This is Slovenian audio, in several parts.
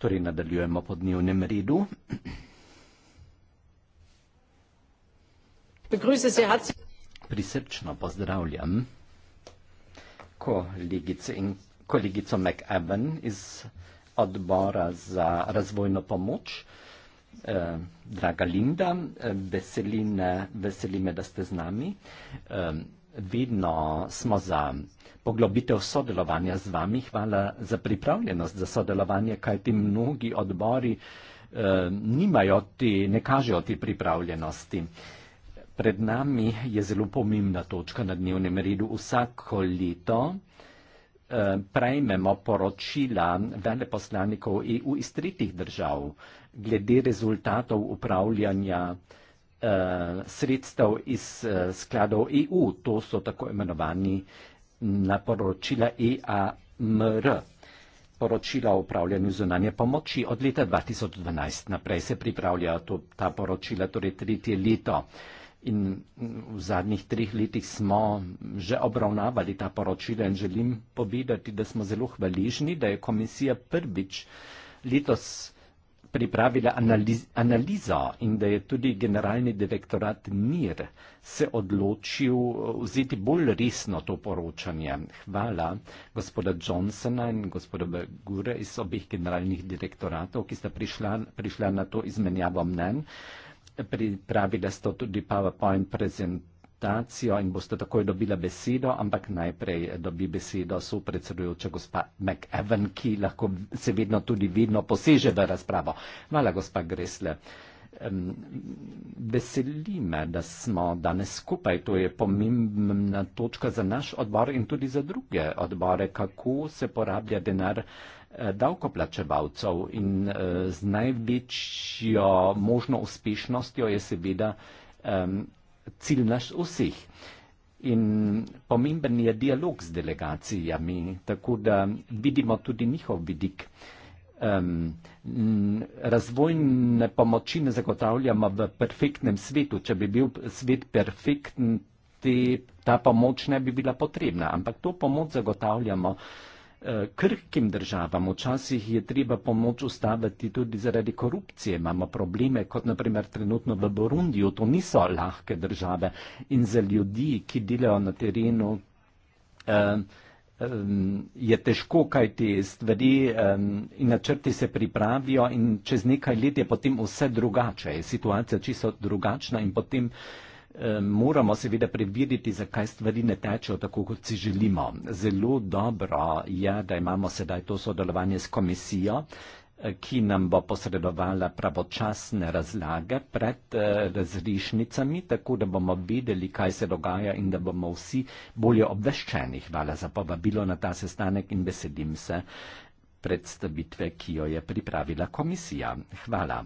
Torej nadaljujemo po dnevnem redu. Prisrčno pozdravljam kolegico McEwan iz odbora za razvojno pomoč. Eh, draga Linda, eh, veseli me, da ste z nami. Hvala. Eh, Vedno smo za poglobitev sodelovanja z vami, hvala za pripravljenost za sodelovanje, kaj ti mnogi odbori eh, nimajo ti, ne kažejo ti pripravljenosti. Pred nami je zelo pomembna točka na dnevnem redu. Vsako leto eh, prejmemo poročila veleposlanikov EU iz tretjih držav glede rezultatov upravljanja eh, Eh, sredstev iz uh, skladov EU. To so tako imenovani naporočila EAMR. Poročila o upravljanju zunanje pomoči od leta 2012 naprej se pripravljajo to, ta poročila, torej tretje leto. In v zadnjih treh letih smo že obravnavali ta poročila in želim povedati, da smo zelo hvaležni, da je komisija prvič letos pripravila analiz, analizo in da je tudi generalni direktorat Mir se odločil uh, vzeti bolj resno to poročanje. Hvala gospoda Johnsona in gospoda Begure iz obih generalnih direktoratov, ki sta prišla, prišla na to izmenjavo mnen. Pripravila sta tudi PowerPoint prezentacijo konzultacijo in boste takoj dobila besedo, ampak najprej dobi besedo supredsedujoča gospa McEwen, ki lahko se vedno tudi vidno poseže v razpravo. Hvala, gospa Gresle. Veseli me, da smo danes skupaj. To je pomembna točka za naš odbor in tudi za druge odbore, kako se porablja denar eh, davkoplačevalcev. In eh, z največjo možno uspešnostjo je seveda cilj naš vseh. In pomemben je dialog z delegacijami, tako da vidimo tudi njihov vidik. Um, razvojne pomoči ne zagotavljamo v perfektnem svetu. Če bi bil svet perfekten, te, ta pomoč ne bi bila potrebna, ampak to pomoč zagotavljamo uh, Eh, krhkim državam, včasih je treba pomoč ustaviti tudi zaradi korupcije. Imamo probleme, kot naprimer trenutno v Burundiju, to niso lahke države in za ljudi, ki delajo na terenu, eh, eh, je težko, kaj te stvari in načrti se pripravijo in čez nekaj let je potem vse drugače, je situacija čisto drugačna in potem Eh, moramo seveda prebiriti, zakaj stvari ne tečejo tako, kot si želimo. Zelo dobro je, da imamo sedaj to sodelovanje s komisijo, eh, ki nam bo posredovala pravočasne razlage pred eh, razrišnicami, tako da bomo vedeli, kaj se dogaja in da bomo vsi bolje obveščeni. Hvala za povabilo na ta sestanek in besedim se predstavitve, ki jo je pripravila komisija. Hvala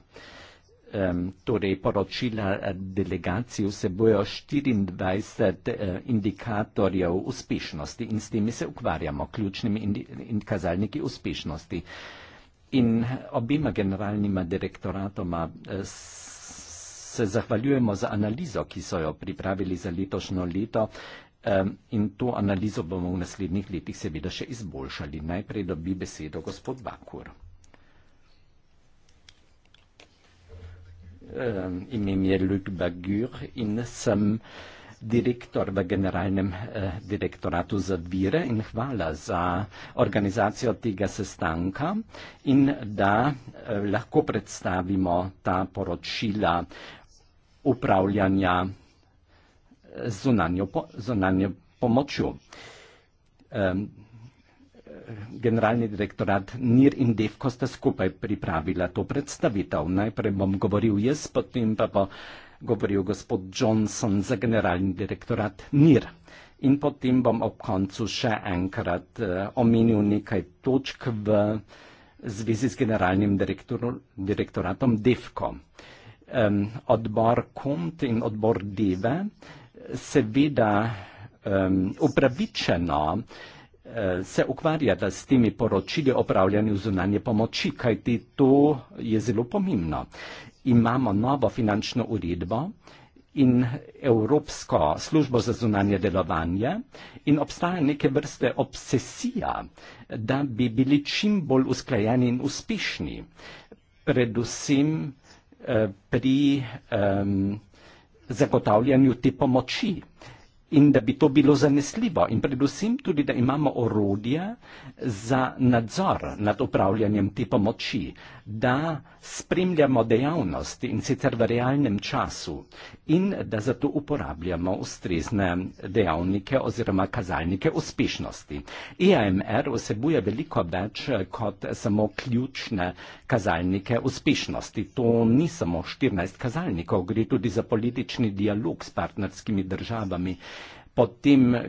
torej poročila eh, delegacij vsebujejo 24 eh, indikatorjev uspešnosti in s temi se ukvarjamo, ključnimi kazalniki uspešnosti. In obima generalnima direktoratoma eh, se zahvaljujemo za analizo, ki so jo pripravili za letošnjo leto. In to analizo bomo v naslednjih letih seveda še izboljšali. Najprej dobi besedo gospod Bakur. uh, eh, imię Ludwig Gür i jestem dyrektorem generalnym uh, eh, dyrektoratu za wirę i chwala za organizację tego sestanka i da uh, eh, lekko przedstawimy ta poroczila uprawiania z zonanią po, pomocą. Um, generalni direktorat NIR in DEFKO sta skupaj pripravila to predstavitev. Najprej bom govoril jaz, potem pa bo govoril gospod Johnson za generalni direktorat NIR. In potem bom ob koncu še enkrat uh, omenil nekaj točk v zvezi z generalnim direktoratom DEFKO. Um, odbor KOMT in odbor DEVE seveda um, upravičeno uh, Eh, se ukvarjata s temi poročili o upravljanju zunanje pomoči, kajti to je zelo pomembno. Imamo novo finančno uredbo in Evropsko službo za zunanje delovanje in obstaja neke vrste obsesija, da bi bili čim bolj usklajeni in uspešni, predvsem eh, pri eh, zagotavljanju te pomoči. Eh, in da bi to bilo zanesljivo in predvsem tudi, da imamo orodje za nadzor nad upravljanjem te pomoči, da spremljamo dejavnosti in sicer v realnem času in da zato uporabljamo ustrezne dejavnike oziroma kazalnike uspešnosti. EAMR vsebuje veliko več kot samo ključne kazalnike uspešnosti. To ni samo 14 kazalnikov, gre tudi za politični dialog s partnerskimi državami, potem eh,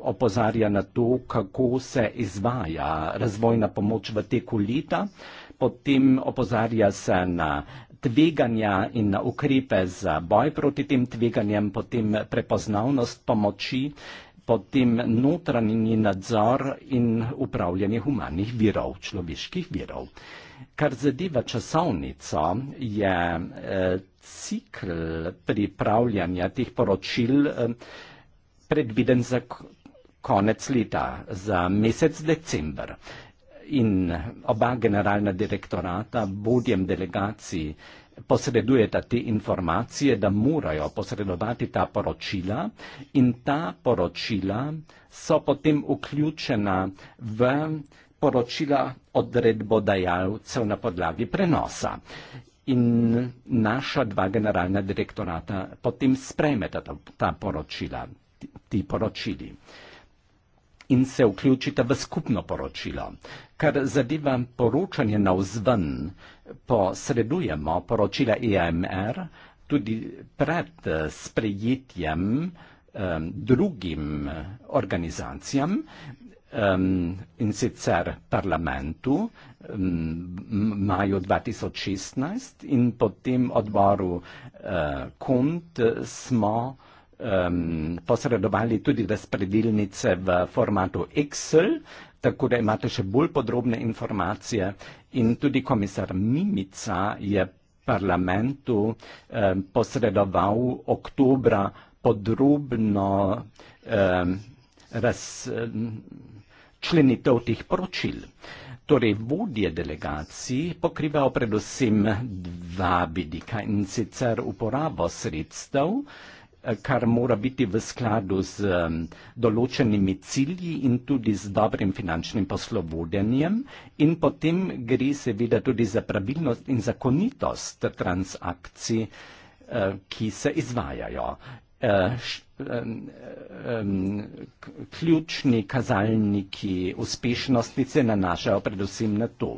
opozarja na to, kako se izvaja razvojna pomoč v teku leta, potem opozarja se na tveganja in na ukrepe za boj proti tem tveganjem, potem prepoznavnost pomoči, potem notranji nadzor in upravljanje humanih virov, človeških virov. Kar zadeva časovnico, je eh, cikl pripravljanja teh poročil. Eh, predviden za konec leta, za mesec decembr. In oba generalna direktorata vodjem delegacij posredujeta te informacije, da morajo posredovati ta poročila in ta poročila so potem vključena v poročila odredbodajalcev na podlagi prenosa. In naša dva generalna direktorata potem spremeta ta, ta poročila ti poročili. In se vključite v skupno poročilo. Kar zadeva poročanje na vzven, posredujemo poročila EMR tudi pred eh, sprejetjem um, drugim organizacijam, um, in sicer parlamentu um, maju 2016 in potem odboru uh, eh, KUNT eh, smo um, posredovali tudi v spredilnice v formatu Excel, tako da imate še bolj podrobne informacije in tudi komisar Mimica je parlamentu um, posredoval oktobra podrobno um, raz, um, členitev teh poročil. Torej, vodje delegacij pokrivajo predvsem dva vidika in sicer uporabo sredstev, uh, Eh, kar mora biti v skladu z um, določenimi cilji in tudi z dobrim finančnim poslovodenjem in potem gre seveda tudi za pravilnost in zakonitost transakcij, uh, ki se izvajajo. Uh, um, um, ključni kazalniki uspešnosti se nanašajo predvsem na to.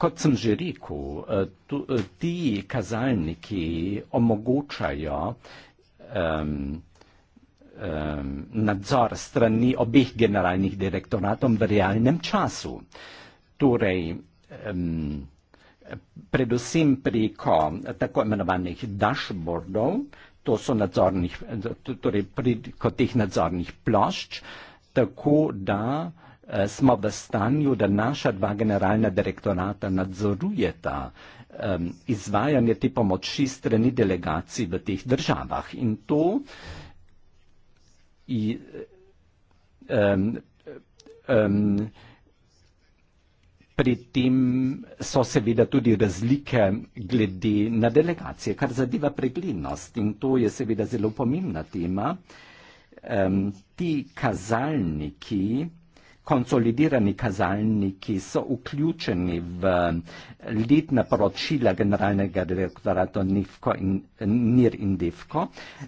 Kot sem že rekel, uh, tu, uh, ti kazalniki omogočajo, um, um, nadzor strani obih generalnih direktoratov v realnem času. Torej, um, predvsem preko tako imenovanih dashboardov, to so nadzornih, torej preko teh nadzornih plošč, tako da uh, smo v stanju, da naša dva generalna direktorata nadzorujeta uh, um, izvajanje te pomoči strani delegacij v teh državah. In to um, um, pri tem so seveda tudi razlike glede na delegacije, kar zadeva preglednost. In to je seveda zelo pomembna tema. Um, ti kazalniki, konsolidirani kazalniki so vključeni v letna poročila generalnega direktorata NIR in DEFKO,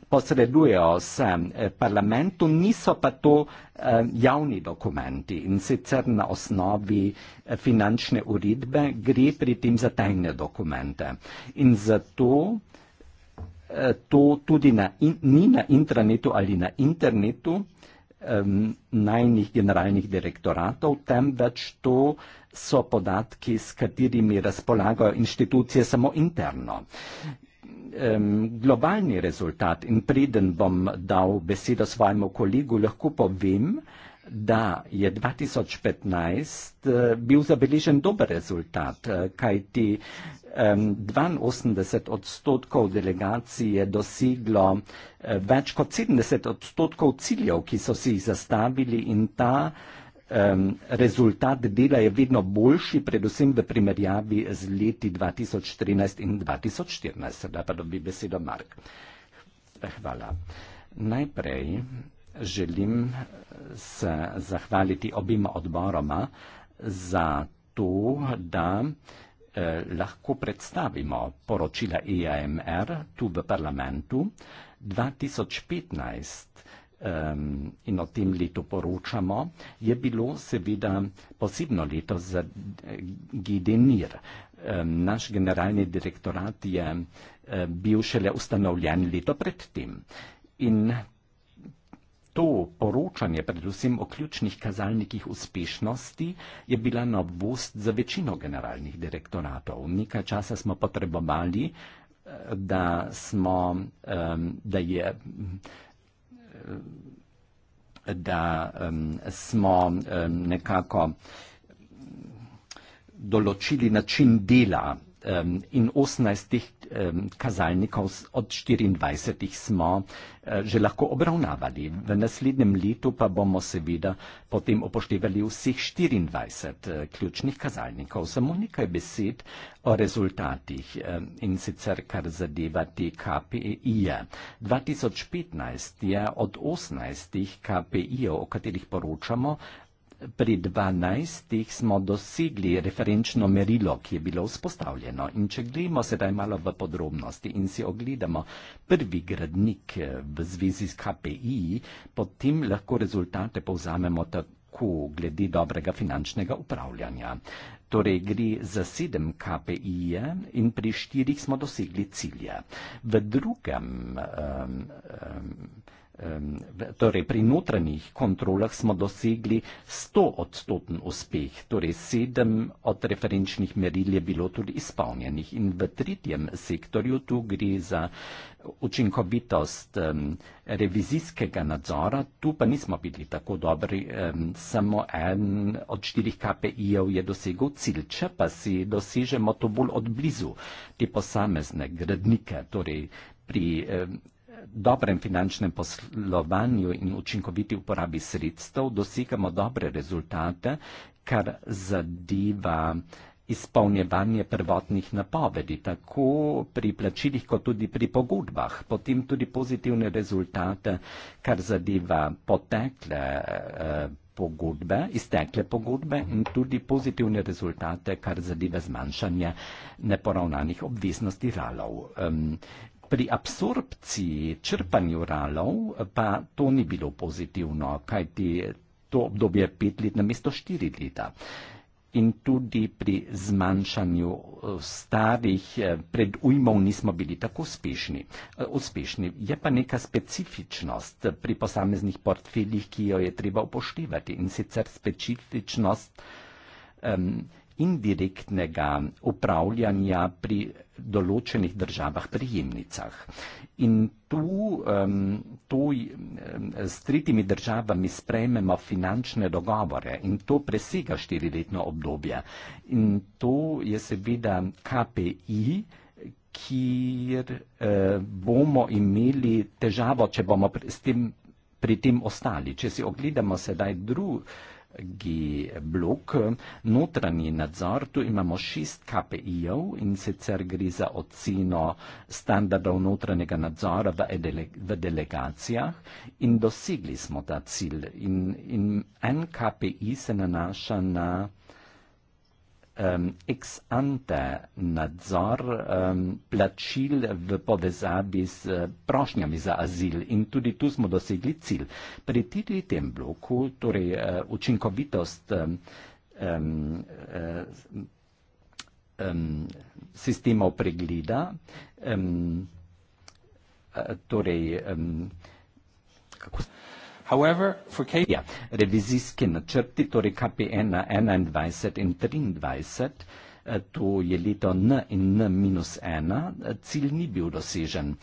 posredujejo se eh, parlamentu, niso pa to eh, javni dokumenti in sicer na osnovi eh, finančne uredbe gre pri tem za tajne dokumente. In zato to tudi ni na intranetu ali na internetu, najnih generalnih direktoratov, temveč to so podatki, s katerimi razpolagajo inštitucije samo interno. Globalni rezultat in preden bom dal besedo svojemu kolegu, lahko povem, da je 2015 eh, bil zabeležen dober rezultat, eh, kajti 82 odstotkov delegacij je doseglo eh, več kot 70 odstotkov ciljev, ki so si jih zastavili in ta rezultat dela je vedno boljši, predvsem v primerjavi z leti 2013 in 2014. Sedaj pa dobi besedo Mark. Hvala. Najprej želim se zahvaliti obima odboroma za to, da eh, lahko predstavimo poročila IAMR tu v parlamentu 2015 in o tem letu poročamo, je bilo seveda posebno leto za eh, GDNIR. Naš generalni direktorat je eh, bil šele ustanovljen leto predtem. In to poročanje, predvsem o ključnih kazalnikih uspešnosti, je bila novost za večino generalnih direktoratov. Nekaj časa smo potrebovali, eh, da, smo, da je. Eh, da um, smo um, nekako določili način dela um, in 18 teh kazalnikov od 24 smo eh, že lahko obravnavali. V naslednjem letu pa bomo seveda potem upoštevali vseh 24 eh, ključnih kazalnikov. Samo nekaj besed o rezultatih in sicer kar zadeva te KPI-je. 2015 je od 18 KPI-jev, o katerih poročamo, Pri dvanajstih smo dosegli referenčno merilo, ki je bilo vzpostavljeno. In če gremo sedaj malo v podrobnosti in si ogledamo prvi gradnik eh, v zvezi s KPI, potem lahko rezultate povzamemo tako glede dobrega finančnega upravljanja. Torej gre za sedem KPI -je in pri štirih smo dosegli cilje. V drugem. Um, um, Ehm, torej, pri notranjih kontrolah smo dosegli 100 odstoten uspeh, torej sedem od referenčnih meril je bilo tudi izpolnjenih. In v tretjem sektorju tu gre za učinkovitost um, revizijskega nadzora, tu pa nismo bili tako dobri, um, samo en od štirih KPI-jev je dosegel cilj, če pa si dosežemo to bolj odblizu, te posamezne gradnike, torej pri um, dobrem finančnem poslovanju in učinkoviti uporabi sredstev dosegamo dobre rezultate, kar zadeva izpolnjevanje prvotnih napovedi, tako pri plačilih, kot tudi pri pogodbah, potem tudi pozitivne rezultate, kar zadeva potekle eh, pogodbe, iztekle pogodbe in tudi pozitivne rezultate, kar zadeva zmanjšanje neporavnanih obveznosti valov. Um, pri absorpciji črpanju ralov pa to ni bilo pozitivno, kajti to obdobje je pet let na mesto štiri leta. In tudi pri zmanjšanju eh, starih eh, predujmov nismo bili tako uspešni. Eh, uspešni. Je pa neka specifičnost pri posameznih portfeljih, ki jo je treba upoštevati in sicer specifičnost um, indirektnega upravljanja pri določenih državah prijemnicah. In tu, um, tu um, s tretjimi državami sprejmemo finančne dogovore in to presega štiriletno obdobje. In to je seveda KPI, kjer uh, bomo imeli težavo, če bomo pri, tem, pri tem ostali. Če si ogledamo sedaj drugo, G blok. Notranji nadzor, tu imamo šest KPI-jev in sicer gre za oceno standardov notranjega nadzora v, edele, v delegacijah in dosegli smo ta cilj. In, in en KPI se nanaša na um, ex ante nadzor um, plačil v povezavi z uh, prošnjami za azil in tudi tu smo dosegli cilj. Pri tem bloku, torej uh, učinkovitost um, um, eh, um, sistemov pregleda, um, uh, torej um, kako se. However, for K- ja, revizijski načrti, torej KPN 21 in 23, eh, to je leto N in N minus 1, eh, cilj ni bil dosežen.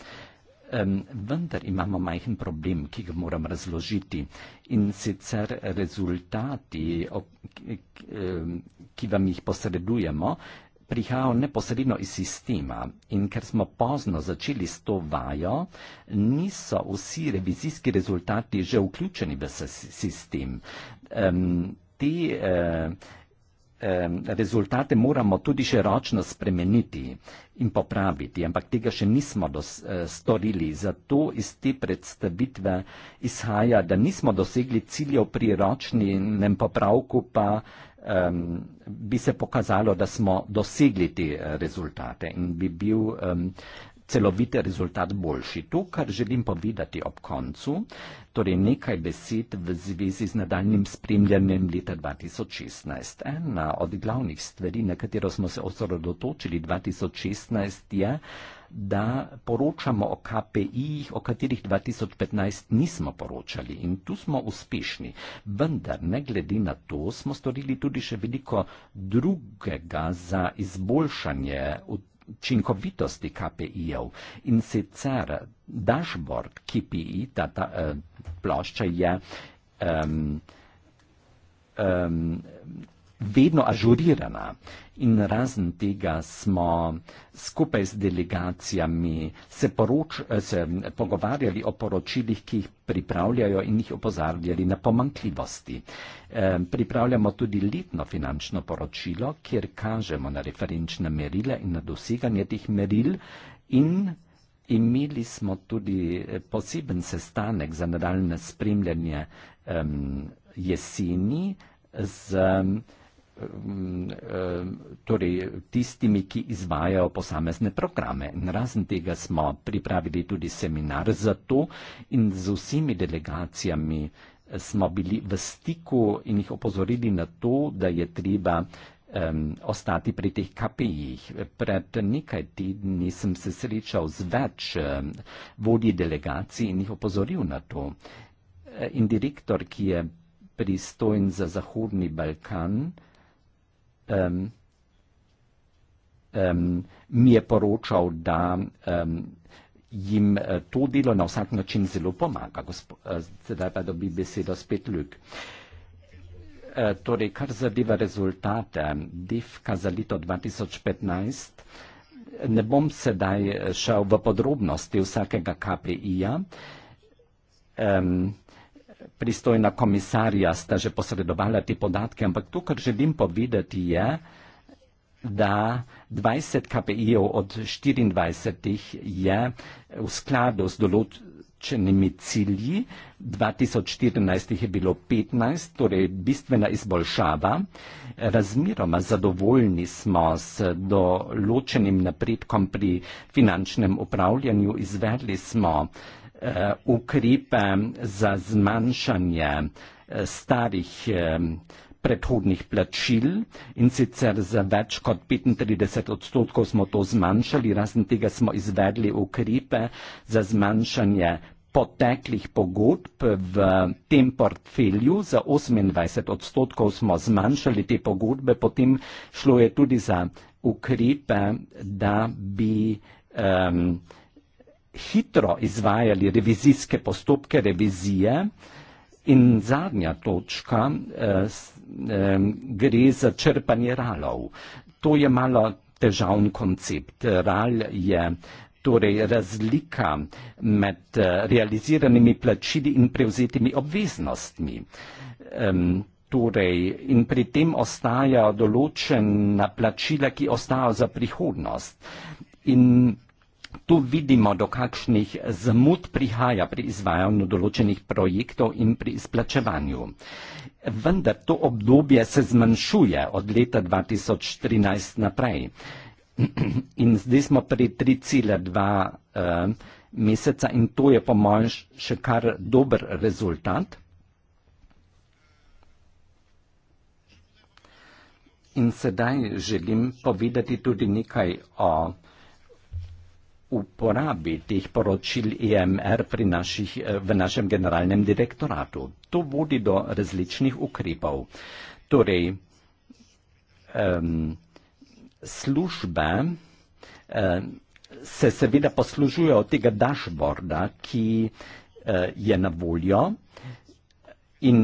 Um, vendar imamo majhen problem, ki ga moram razložiti. In sicer rezultati, ki, ki, ki vam jih posredujemo, prihajal neposredno iz sistema in ker smo pozno začeli s to vajo, niso vsi revizijski rezultati že vključeni v sistem. Um, te um, rezultate moramo tudi še ročno spremeniti in popraviti, ampak tega še nismo dos, uh, storili. Zato iz te predstavitve izhaja, da nismo dosegli ciljev pri ročnem popravku, pa um, bi se pokazalo, da smo dosegli te eh, rezultate in bi bil um, celovit rezultat boljši. To, kar želim povedati ob koncu, torej nekaj besed v zvezi z nadaljnim spremljanjem leta 2016. Ena od glavnih stvari, na katero smo se osredotočili 2016, je, da poročamo o KPI-jih, o katerih 2015 nismo poročali in tu smo uspešni. Vendar, ne glede na to, smo storili tudi še veliko drugega za izboljšanje učinkovitosti KPI-jev in sicer dashboard KPI, ta, ta eh, plošča je. Um, um, vedno ažurirana. In razen tega smo skupaj z delegacijami se, poroč, se pogovarjali o poročilih, ki jih pripravljajo in jih opozarjali na pomankljivosti. E, pripravljamo tudi letno finančno poročilo, kjer kažemo na referenčna merila in na doseganje teh meril. Imeli smo tudi e, poseben sestanek za nadaljne spremljanje um, jeseni z. Um, torej tistimi, ki izvajajo posamezne programe. In razen tega smo pripravili tudi seminar za to in z vsemi delegacijami eh, smo bili v stiku in jih opozorili na to, da je treba um, ostati pri teh KPI-jih. Pred nekaj tedni sem se srečal z več um, vodji delegacij in jih opozoril na to. Eh, in direktor, ki je pristojen za Zahodni Balkan, um, um, mi je poročal, da um, jim eh, to delo na vsak način zelo pomaga. Gospo, zdaj eh, pa dobi besedo spet Ljuk. Eh, torej, kar zadeva rezultate DEFKA za leto 2015, ne bom sedaj šel v podrobnosti vsakega KPI-ja. Um, pristojna komisarja sta že posredovala te podatke, ampak to, kar želim povedati, je, da 20 KPI-jev od 24 je v skladu z določenimi cilji, 2014 je bilo 15, torej bistvena izboljšava. Razmeroma zadovoljni smo z določenim napredkom pri finančnem upravljanju, izvedli smo Eh, ukrepe za zmanjšanje eh, starih eh, predhodnih plačil in sicer za več kot 35 odstotkov smo to zmanjšali, razen tega smo izvedli ukrepe za zmanjšanje poteklih pogodb v tem portfelju za 28 odstotkov smo zmanjšali te pogodbe, potem šlo je tudi za ukrepe, da bi um, hitro izvajali revizijske postopke revizije. In zadnja točka eh, eh, gre za črpanje ralov. To je malo težavn koncept. Ral je torej razlika med eh, realiziranimi plačili in prevzetimi obveznostmi. Ehm, torej, in pri tem ostajajo določena plačila, ki ostajajo za prihodnost. In Tu vidimo, do kakšnih zmud prihaja pri izvajanju določenih projektov in pri izplačevanju. Vendar to obdobje se zmanjšuje od leta 2013 naprej. In zdaj smo pri 3,2 eh, meseca in to je po mojem še kar dober rezultat. In sedaj želim povedati tudi nekaj o projektu uporabi teh poročil IMR e naših, eh, v našem generalnem direktoratu. To vodi do različnih ukrepov. Torej, um, službe um, se seveda poslužujejo tega dashboarda, ki uh, je na voljo in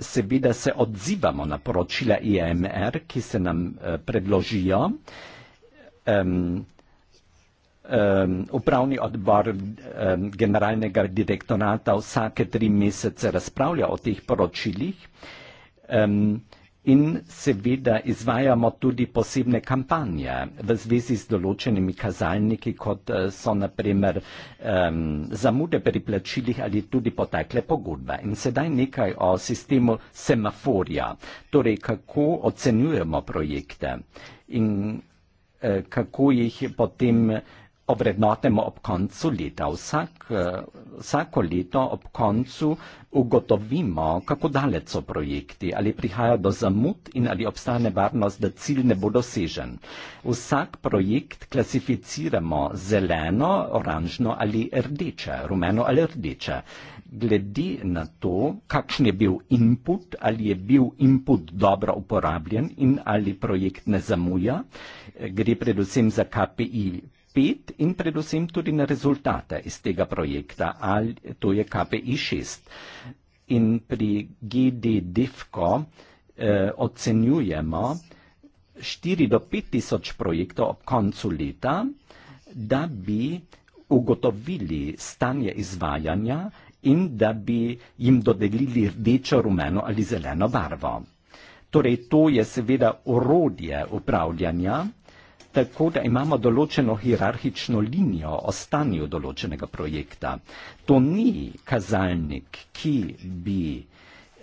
seveda se odzivamo na poročila IMR, e ki se nam uh, predložijo. Um, um, upravni odbor um, generalnega direktorata vsake tri mesece razpravlja o teh poročilih um, in seveda izvajamo tudi posebne kampanje v zvezi z določenimi kazalniki, kot eh, so naprimer um, zamude pri plačilih ali tudi potekle pogodbe. In sedaj nekaj o sistemu semaforja, torej kako ocenjujemo projekte. In eh, kako jih potem uh, obrednotemo ob koncu leta. Vsak, eh, vsako leto ob koncu ugotovimo, kako daleč so projekti, ali prihaja do zamud in ali obstaja nevarnost, da cilj ne bo dosežen. Vsak projekt klasificiramo zeleno, oranžno ali rdeče, rumeno ali rdeče. Glede na to, kakšen je bil input, ali je bil input dobro uporabljen in ali projekt ne zamuja, gre predvsem za KPI spet in predvsem tudi na rezultate iz tega projekta, ali to je KPI 6. In pri GD Divko eh, ocenjujemo 4 do 5 tisoč projektov ob koncu leta, da bi ugotovili stanje izvajanja in da bi jim dodelili rdečo, rumeno ali zeleno barvo. Torej, to je seveda orodje upravljanja tako, da imamo določeno hierarhično linijo o stanju določenega projekta. To ni kazalnik, ki bi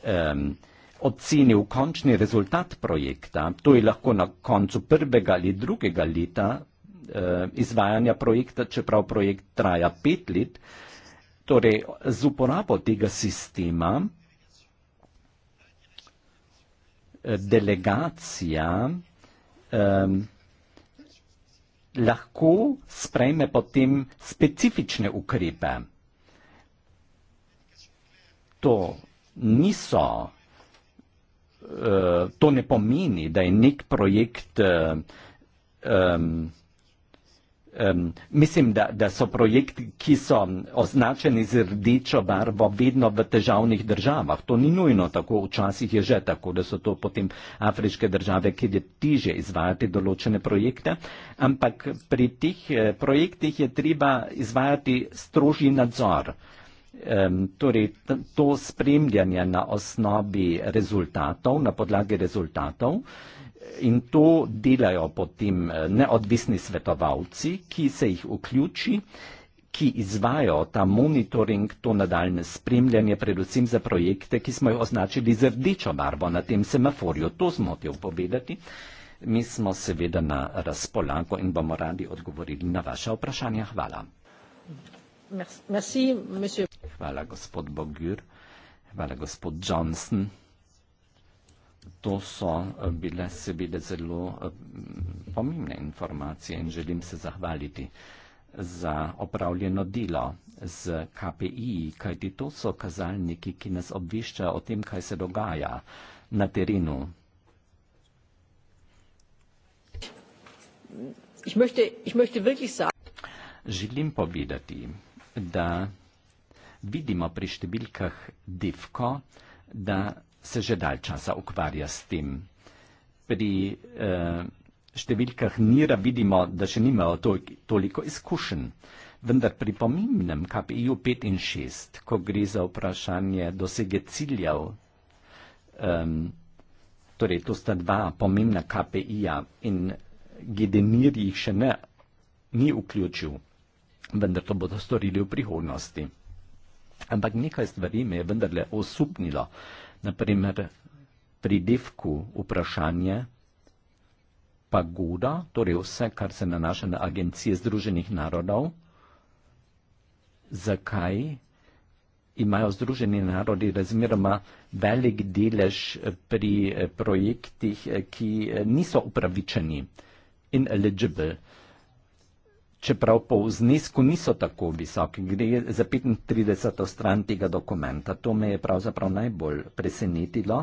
um, ocenil končni rezultat projekta. To je lahko na koncu prvega ali drugega leta uh, izvajanja projekta, čeprav projekt traja pet let. Torej, z uporabo tega sistema eh, delegacija um, lahko sprejme potem specifične ukrepe. To niso, eh, to ne pomeni, da je nek projekt um, Um, mislim, da, da so projekti, ki so označeni z rdečo barvo, vedno v težavnih državah. To ni nujno tako, včasih je že tako, da so to potem afriške države, kjer je tiže izvajati določene projekte. Ampak pri teh eh, projektih je treba izvajati strožji nadzor. Um, torej, to spremljanje na osnovi rezultatov, na podlagi rezultatov. Uh, in to delajo potem eh, neodvisni svetovalci, ki se jih vključi, ki izvajo ta monitoring, to nadaljne spremljanje, predvsem za projekte, ki smo jih označili z rdečo barvo na tem semaforju. To smo hotel povedati. Mi smo seveda na razpolago in bomo radi odgovorili na vaše vprašanje. Hvala. Merci, Hvala, gospod Bogur. Hvala, gospod Johnson. To so eh, bile seveda zelo eh, pomembne informacije in želim se zahvaliti za opravljeno delo z KPI, kajti to so kazalniki, ki nas obveščajo o tem, kaj se dogaja na terenu. Ich möchte, ich möchte wirklich sagen, Želim povedati, da vidimo pri številkah DIVKO, da se že dalj časa ukvarja s tem. Pri eh, številkah Nira vidimo, da še nimajo toliko izkušenj, vendar pri pomembnem KPI-u 5 in 6, ko gre za vprašanje dosege ciljev, eh, torej to sta dva pomembna KPI-ja in GD Nir jih še ne, ni vključil, vendar to bodo storili v prihodnosti. Ampak nekaj stvari me je vendarle osupnilo. Eh, naprimer pridivku vprašanje, pagoda, torej vse, kar se nanaša na agencije Združenih narodov, zakaj imajo Združeni narodi razmeroma velik delež pri projektih, ki niso upravičeni in eligible čeprav po znesku niso tako visoki, gre za 35. stran tega dokumenta. To me je pravzaprav najbolj presenetilo.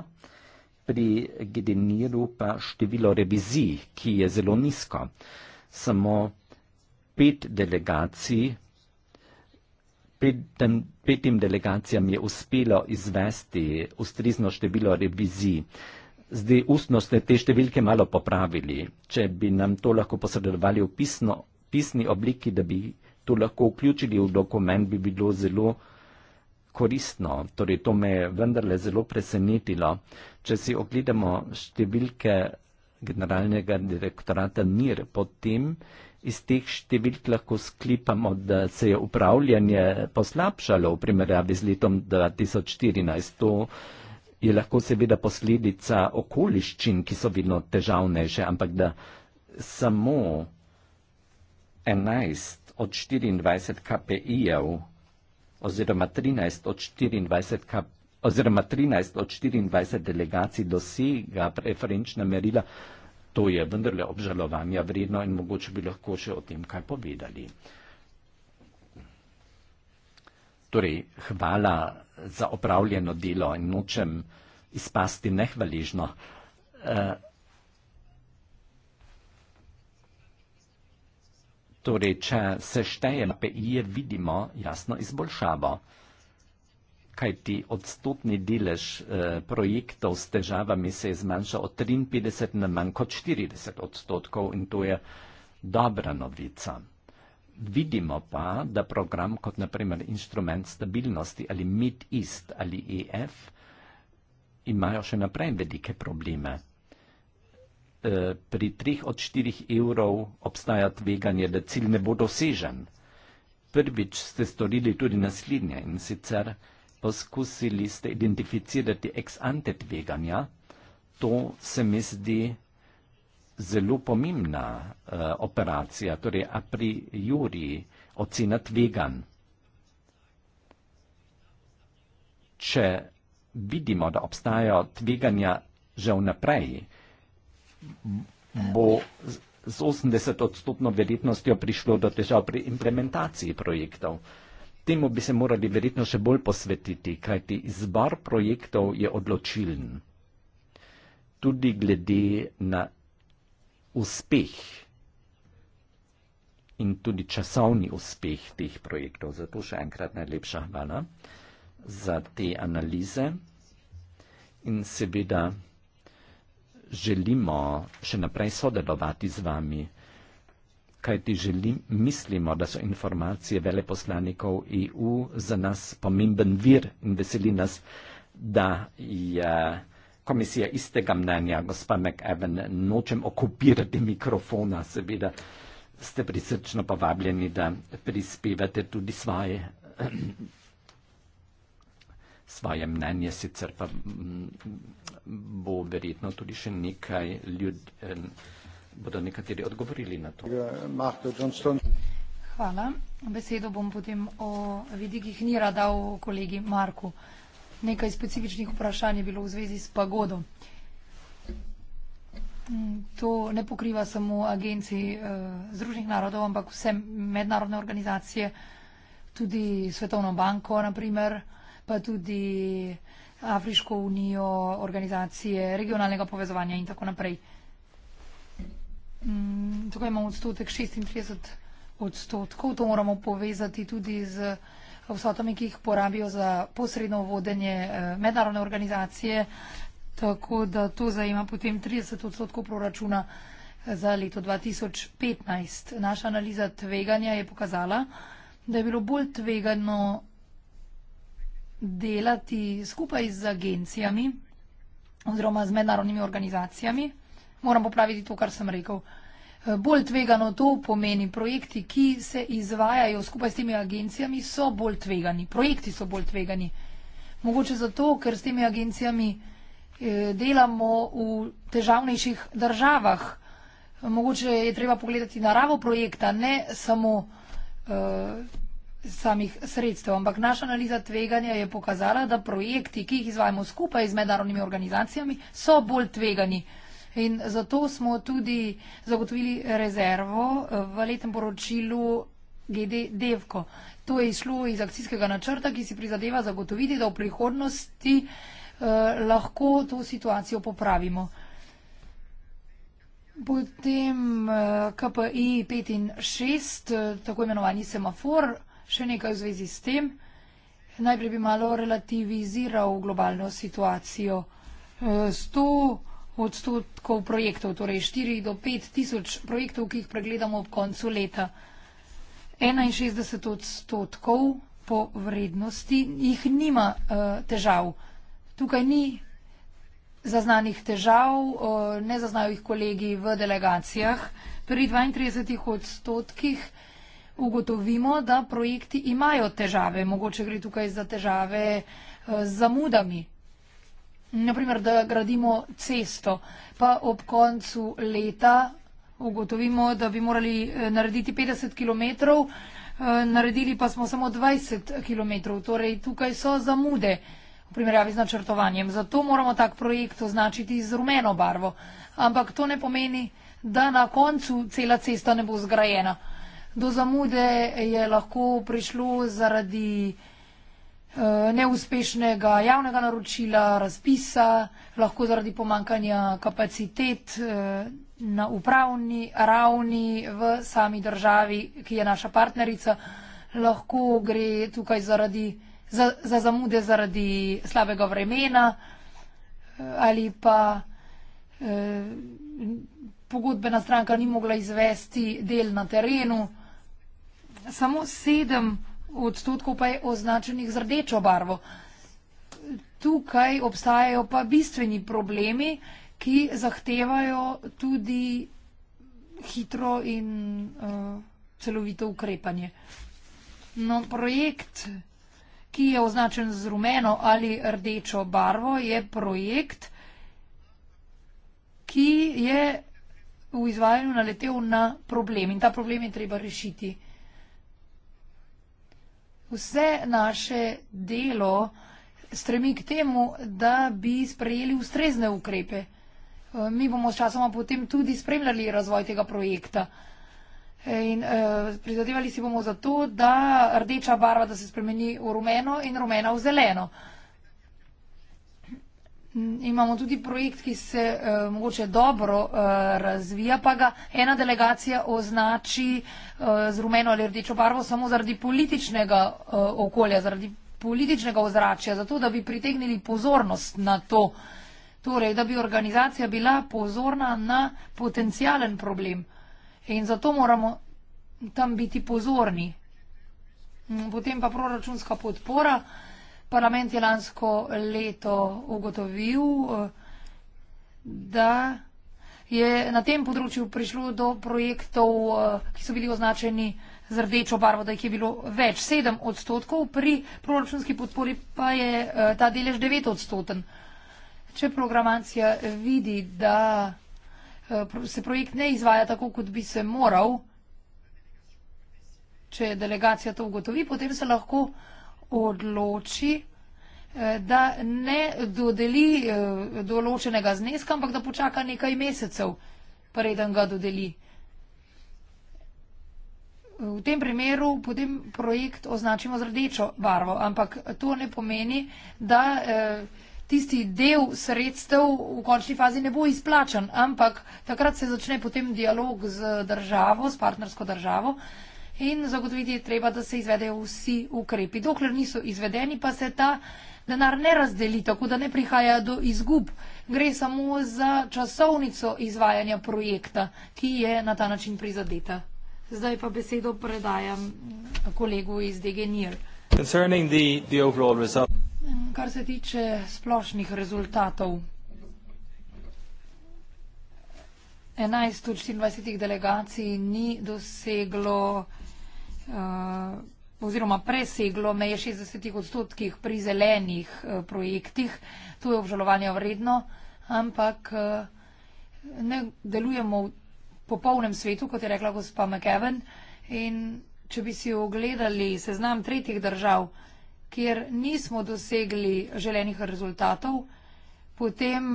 Pri Gedeniru pa število revizij, ki je zelo nizko. Samo pet delegacij, petem, petim delegacijam je uspelo izvesti ustrezno število revizij. Zdaj ustno ste te številke malo popravili. Če bi nam to lahko posredovali v pisno pisni obliki, da bi to lahko vključili v dokument, bi bilo zelo koristno. Torej, to me je vendarle zelo presenetilo. Če si ogledamo številke generalnega direktorata Mir, potem iz teh številk lahko sklipamo, da se je upravljanje poslabšalo v primerjavi z letom 2014. To je lahko seveda posledica okoliščin, ki so vedno težavnejše, ampak da samo 11 od 24 KPI-jev oziroma 13 od 24 KPI-jev oziroma 13 od 24 delegacij dosega preferenčna merila, to je vendarle obžalovanja vredno in mogoče bi lahko še o tem kaj povedali. Torej, hvala za opravljeno delo in nočem izpasti nehvaližno. Uh, eh, Torej, če se šteje PPI, vidimo jasno izboljšavo. Kaj ti odstotni delež eh, projektov s težavami se je zmanjšal od 53 na manj kot 40 odstotkov in to je dobra novica. Vidimo pa, da program kot naprimer instrument stabilnosti ali Mid-East ali EF imajo še naprej velike probleme. Eh, pri 3 od 4 evrov obstaja tveganje, da cilj ne bo dosežen. Prvič ste storili tudi naslednje in sicer poskusili ste identificirati ex ante tveganja. To se mi zdi zelo pomembna uh, operacija, torej a priori ocena tvegan. Če vidimo, da obstajajo tveganja že vnaprej, bo z 80 odstotno verjetnostjo prišlo do težav pri implementaciji projektov. Temu bi se morali verjetno še bolj posvetiti, kajti izbor projektov je odločilen. Tudi glede na uspeh in tudi časovni uspeh teh projektov. Zato še enkrat najlepša hvala za te analize in seveda želimo še naprej sodelovati z vami, kajti želim, mislimo, da so informacije veleposlanikov EU za nas pomemben vir in veseli nas, da je komisija istega mnenja, gospa McEwen, nočem okupirati mikrofona, seveda ste prisrčno povabljeni, da prispevate tudi svoje svoje mnenje, sicer pa mm, bo verjetno tudi še nekaj ljudi, bodo nekateri odgovorili na to. Hvala. Besedo bom potem o vidikih Nira dal kolegi Marku. Nekaj specifičnih vprašanj je bilo v zvezi s pagodo. Mm, to ne pokriva samo agenci eh, Združenih narodov, ampak vse mednarodne organizacije, tudi Svetovno banko, na primer pa tudi Afriško unijo, organizacije regionalnega povezovanja in tako naprej. Mm, tukaj imamo odstotek 36 odstotkov, to moramo povezati tudi z vsotami, ki jih porabijo za posredno vodenje eh, mednarodne organizacije, tako da to zajema potem 30 odstotkov proračuna eh, za leto 2015. Naša analiza tveganja je pokazala, da je bilo bolj tvegano delati skupaj z agencijami oziroma z mednarodnimi organizacijami. Moram popraviti to, kar sem rekel. Eh, bolj tvegano to pomeni, projekti, ki se izvajajo skupaj s temi agencijami, so bolj tvegani. Projekti so bolj tvegani. Mogoče zato, ker s temi agencijami eh, delamo v težavnejših državah. Mogoče je treba pogledati naravo projekta, ne samo eh, samih sredstev. Ampak naša analiza tveganja je pokazala, da projekti, ki jih izvajamo skupaj z mednarodnimi organizacijami, so bolj tvegani. In zato smo tudi zagotovili rezervo eh, v letem poročilu GD Devko. To je išlo iz akcijskega načrta, ki si prizadeva zagotoviti, da v prihodnosti eh, lahko to situacijo popravimo. Potem eh, KPI 5 in 6, tako imenovani semafor še nekaj v zvezi s tem. Najprej bi malo relativiziral globalno situacijo. 100 odstotkov projektov, torej 4 do 5 tisoč projektov, ki jih pregledamo ob koncu leta. 61 odstotkov po vrednosti jih nima eh, težav. Tukaj ni zaznanih težav, eh, ne zaznajo jih kolegi v delegacijah. Pri 32 odstotkih ugotovimo, da projekti imajo težave. Mogoče gre tukaj za težave eh, z zamudami. Naprimer, da gradimo cesto, pa ob koncu leta ugotovimo, da bi morali eh, narediti 50 km, eh, naredili pa smo samo 20 km. Torej, tukaj so zamude v primerjavi z načrtovanjem. Zato moramo tak projekt označiti z rumeno barvo. Ampak to ne pomeni, da na koncu cela cesta ne bo zgrajena do zamude je lahko prišlo zaradi eh, neuspešnega javnega naročila, razpisa, lahko zaradi pomankanja kapacitet eh, na upravni ravni v sami državi, ki je naša partnerica, lahko gre tukaj zaradi, za, za zamude zaradi slabega vremena eh, ali pa eh, pogodbena stranka ni mogla izvesti del na terenu samo sedem odstotkov pa je označenih z rdečo barvo. Tukaj obstajajo pa bistveni problemi, ki zahtevajo tudi hitro in uh, celovito ukrepanje. No, projekt, ki je označen z rumeno ali rdečo barvo, je projekt, ki je v izvajanju naletel na problem in ta problem je treba rešiti vse naše delo stremi k temu, da bi sprejeli ustrezne ukrepe. Eh, mi bomo s časoma potem tudi spremljali razvoj tega projekta. In eh, prizadevali si bomo za to, da rdeča barva, da se spremeni v rumeno in rumena v zeleno. Eh, Mm, imamo tudi projekt, ki se uh, mogoče dobro uh, razvija, pa ga ena delegacija označi uh, z rumeno ali rdečo barvo samo zaradi političnega uh, okolja, zaradi političnega ozračja, zato da bi pritegnili pozornost na to. Torej, da bi organizacija bila pozorna na potencijalen problem. In zato moramo tam biti pozorni. Mm, potem pa proračunska podpora. Uh, Parlament je lansko leto ugotovil, eh, da je na tem področju prišlo do projektov, eh, ki so bili označeni z rdečo barvo, da jih je bilo več, sedem odstotkov, pri proračunski podpori pa je eh, ta delež devet odstoten. Če programacija vidi, da se projekt ne izvaja tako, kot bi se moral, če delegacija to ugotovi, potem se lahko odloči, eh, da ne dodeli eh, določenega zneska, ampak da počaka nekaj mesecev, preden ga dodeli. V tem primeru potem projekt označimo z rdečo barvo, ampak to ne pomeni, da eh, tisti del sredstev v končni fazi ne bo izplačan, ampak takrat se začne potem dialog z državo, s partnersko državo, in zagotoviti je treba, da se izvedejo vsi ukrepi. Dokler niso izvedeni, pa se ta denar ne razdeli, tako da ne prihaja do izgub. Gre samo za časovnico izvajanja projekta, ki je na ta način prizadeta. Zdaj pa besedo predajam kolegu iz DGNIR. Kar se tiče splošnih rezultatov. 11 od 24 delegacij ni doseglo Eh, oziroma preseglo meje 60 odstotkih pri zelenih eh, projektih. To je obžalovanje vredno, ampak eh, ne delujemo v popolnem svetu, kot je rekla gospa McEwen. In če bi si ogledali seznam tretjih držav, kjer nismo dosegli želenih rezultatov, potem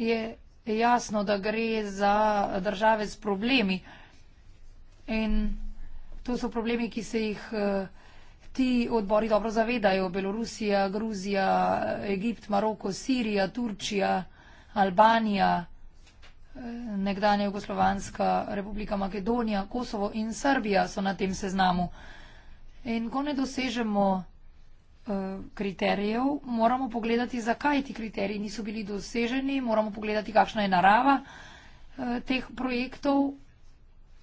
je jasno, da gre za države s problemi. In to so problemi, ki se jih eh, ti odbori dobro zavedajo. Belorusija, Gruzija, Egipt, Maroko, Sirija, Turčija, Albanija, eh, nekdanja Jugoslovanska republika Makedonija, Kosovo in Srbija so na tem seznamu. In ko ne dosežemo eh, kriterijev, moramo pogledati, zakaj ti kriteriji niso bili doseženi, moramo pogledati, kakšna je narava teh projektov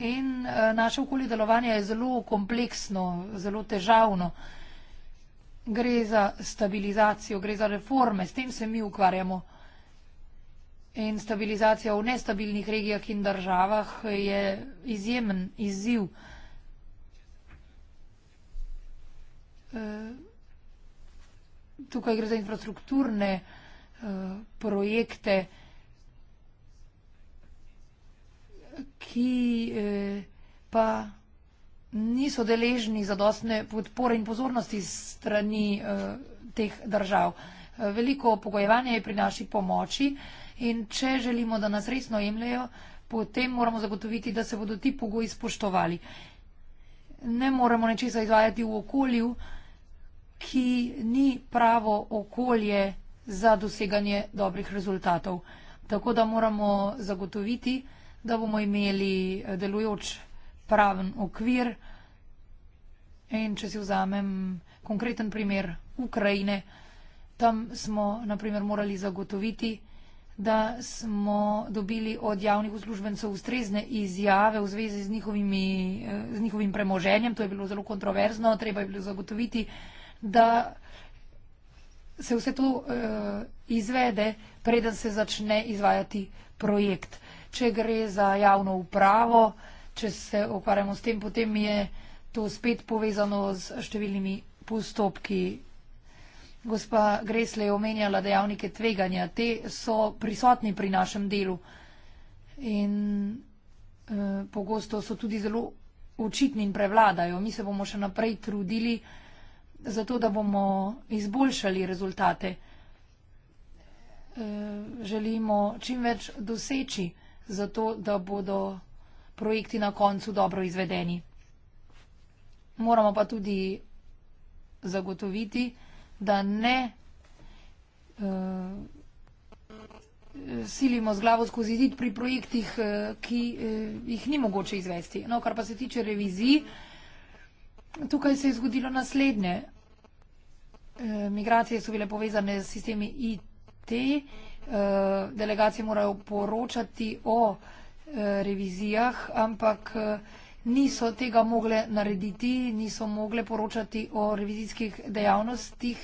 In eh, naše okolje delovanja je zelo kompleksno, zelo težavno. Gre za stabilizacijo, gre za reforme, s tem se mi ukvarjamo. In stabilizacija v nestabilnih regijah in državah je izjemen izziv. Eh, tukaj gre za infrastrukturne eh, projekte. ki eh, pa niso deležni zadostne podpore in pozornosti strani eh, teh držav. Eh, veliko pogojevanje je pri naši pomoči in če želimo, da nas resno jemljajo, potem moramo zagotoviti, da se bodo ti pogoji spoštovali. Ne moremo nečesa izvajati v okolju, ki ni pravo okolje za doseganje dobrih rezultatov. Tako da moramo zagotoviti, da da bomo imeli eh, delujoč praven okvir. In če si vzamem konkreten primer Ukrajine, tam smo naprimer morali zagotoviti, da smo dobili od javnih uslužbencev ustrezne izjave v zvezi z, njihovimi, eh, z njihovim premoženjem. To je bilo zelo kontroverzno, treba je bilo zagotoviti, da se vse to uh, izvede, preden se začne izvajati projekt če gre za javno upravo, če se ukvarjamo s tem, potem je to spet povezano z številnimi postopki. Gospa Gresle je omenjala dejavnike tveganja. Te so prisotni pri našem delu in eh, pogosto so tudi zelo očitni in prevladajo. Mi se bomo še naprej trudili zato, da bomo izboljšali rezultate. Eh, želimo čim več doseči. Eh, zato da bodo projekti na koncu dobro izvedeni. Moramo pa tudi zagotoviti, da ne uh, silimo z glavo skozi zid pri projektih, uh, ki uh, jih ni mogoče izvesti. No, kar pa se tiče revizij, tukaj se je zgodilo naslednje. Uh, migracije so bile povezane s sistemi IT. Eh, delegacije morajo poročati o eh, revizijah, ampak eh, niso tega mogle narediti, niso mogle poročati o revizijskih dejavnostih.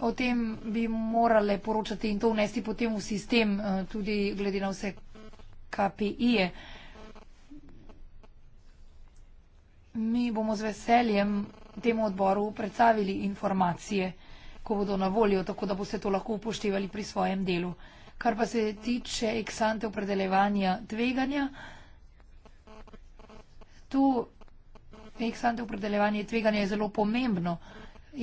O tem bi morale poročati in to vnesti potem v sistem, tudi glede na vse KPI-je. Mi bomo z veseljem temu odboru predstavili informacije ko bodo na voljo, tako da boste to lahko upoštevali pri svojem delu. Kar pa se tiče eksante opredeljevanja tveganja, tu eksante opredeljevanje tveganja je zelo pomembno.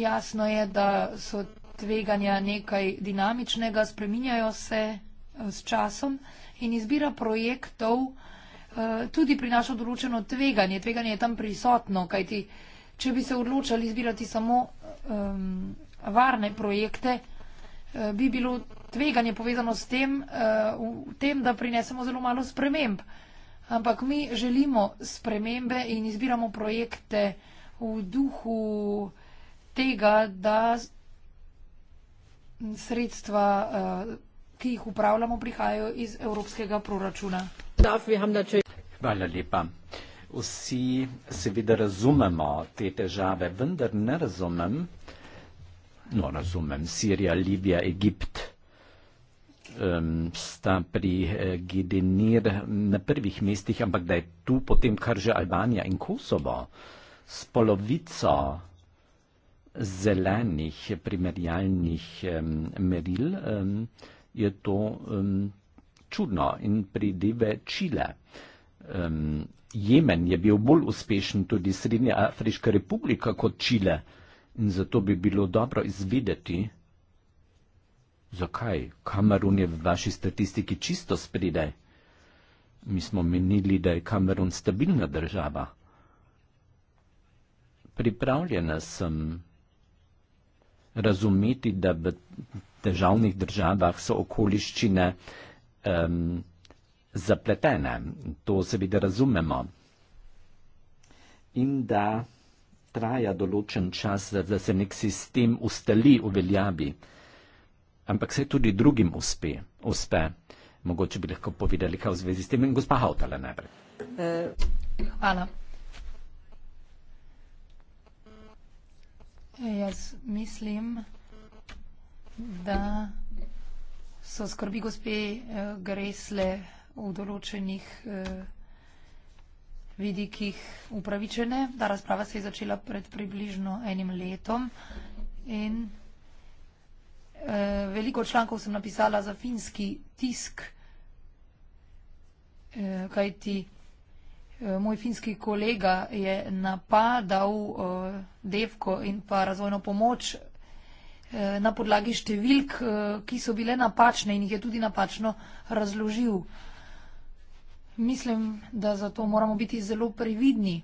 Jasno je, da so tveganja nekaj dinamičnega, spreminjajo se eh, s časom in izbira projektov eh, tudi prinaša določeno tveganje. Tveganje je tam prisotno, kajti če bi se odločali izbirati samo um, varne projekte, eh, bi bilo tveganje povezano s tem, eh, v tem, da prinesemo zelo malo sprememb. Ampak mi želimo spremembe in izbiramo projekte v duhu tega, da sredstva, eh, ki jih upravljamo, prihajajo iz evropskega proračuna. Hvala lepa. Vsi seveda razumemo te težave, vendar ne razumem, no razumem, Sirija, Libija, Egipt sta pri eh, Gedenir na prvih mestih, ampak da je tu potem kar že Albanija in Kosovo s polovico zelenih primerjalnih meril, je to čudno. In pri Deve Čile, Jemen je bil bolj uspešen, tudi Srednja Afriška republika kot Čile in zato bi bilo dobro izvedeti, zakaj Kamerun je v vaši statistiki čisto spredaj. Mi smo menili, da je Kamerun stabilna država. Pripravljena sem razumeti, da v težavnih državah so okoliščine um, zapletene. To seveda razumemo. In da traja določen čas, da, da se nek sistem ustali v veljavi. Ampak se tudi drugim uspe, uspe. Mogoče bi lahko povedali, kaj v zvezi s tem in gospa Hautala najprej. Eh, hvala. Eh, jaz mislim, da so skrbi gospe eh, gresle v določenih eh, vidikih upravičene. Ta razprava se je začela pred približno enim letom in e, veliko člankov sem napisala za finski tisk, e, kajti e, moj finski kolega je napadal e, devko in pa razvojno pomoč e, na podlagi številk, e, ki so bile napačne in jih je tudi napačno razložil. E, Mislim, da zato moramo biti zelo previdni,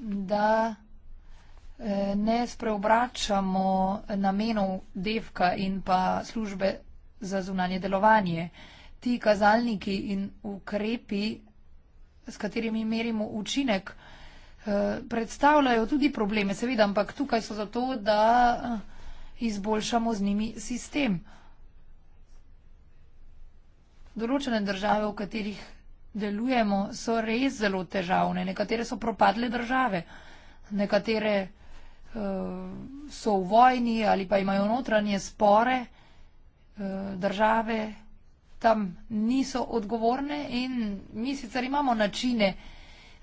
da eh, ne spreobračamo namenov devka in pa službe za zunanje delovanje. Ti kazalniki in ukrepi, s katerimi merimo učinek, eh, predstavljajo tudi probleme, seveda, ampak tukaj so zato, da eh, izboljšamo z njimi sistem določene države, v katerih delujemo, so res zelo težavne. Nekatere so propadle države, nekatere uh, so v vojni ali pa imajo notranje spore, uh, države tam niso odgovorne in mi sicer imamo načine,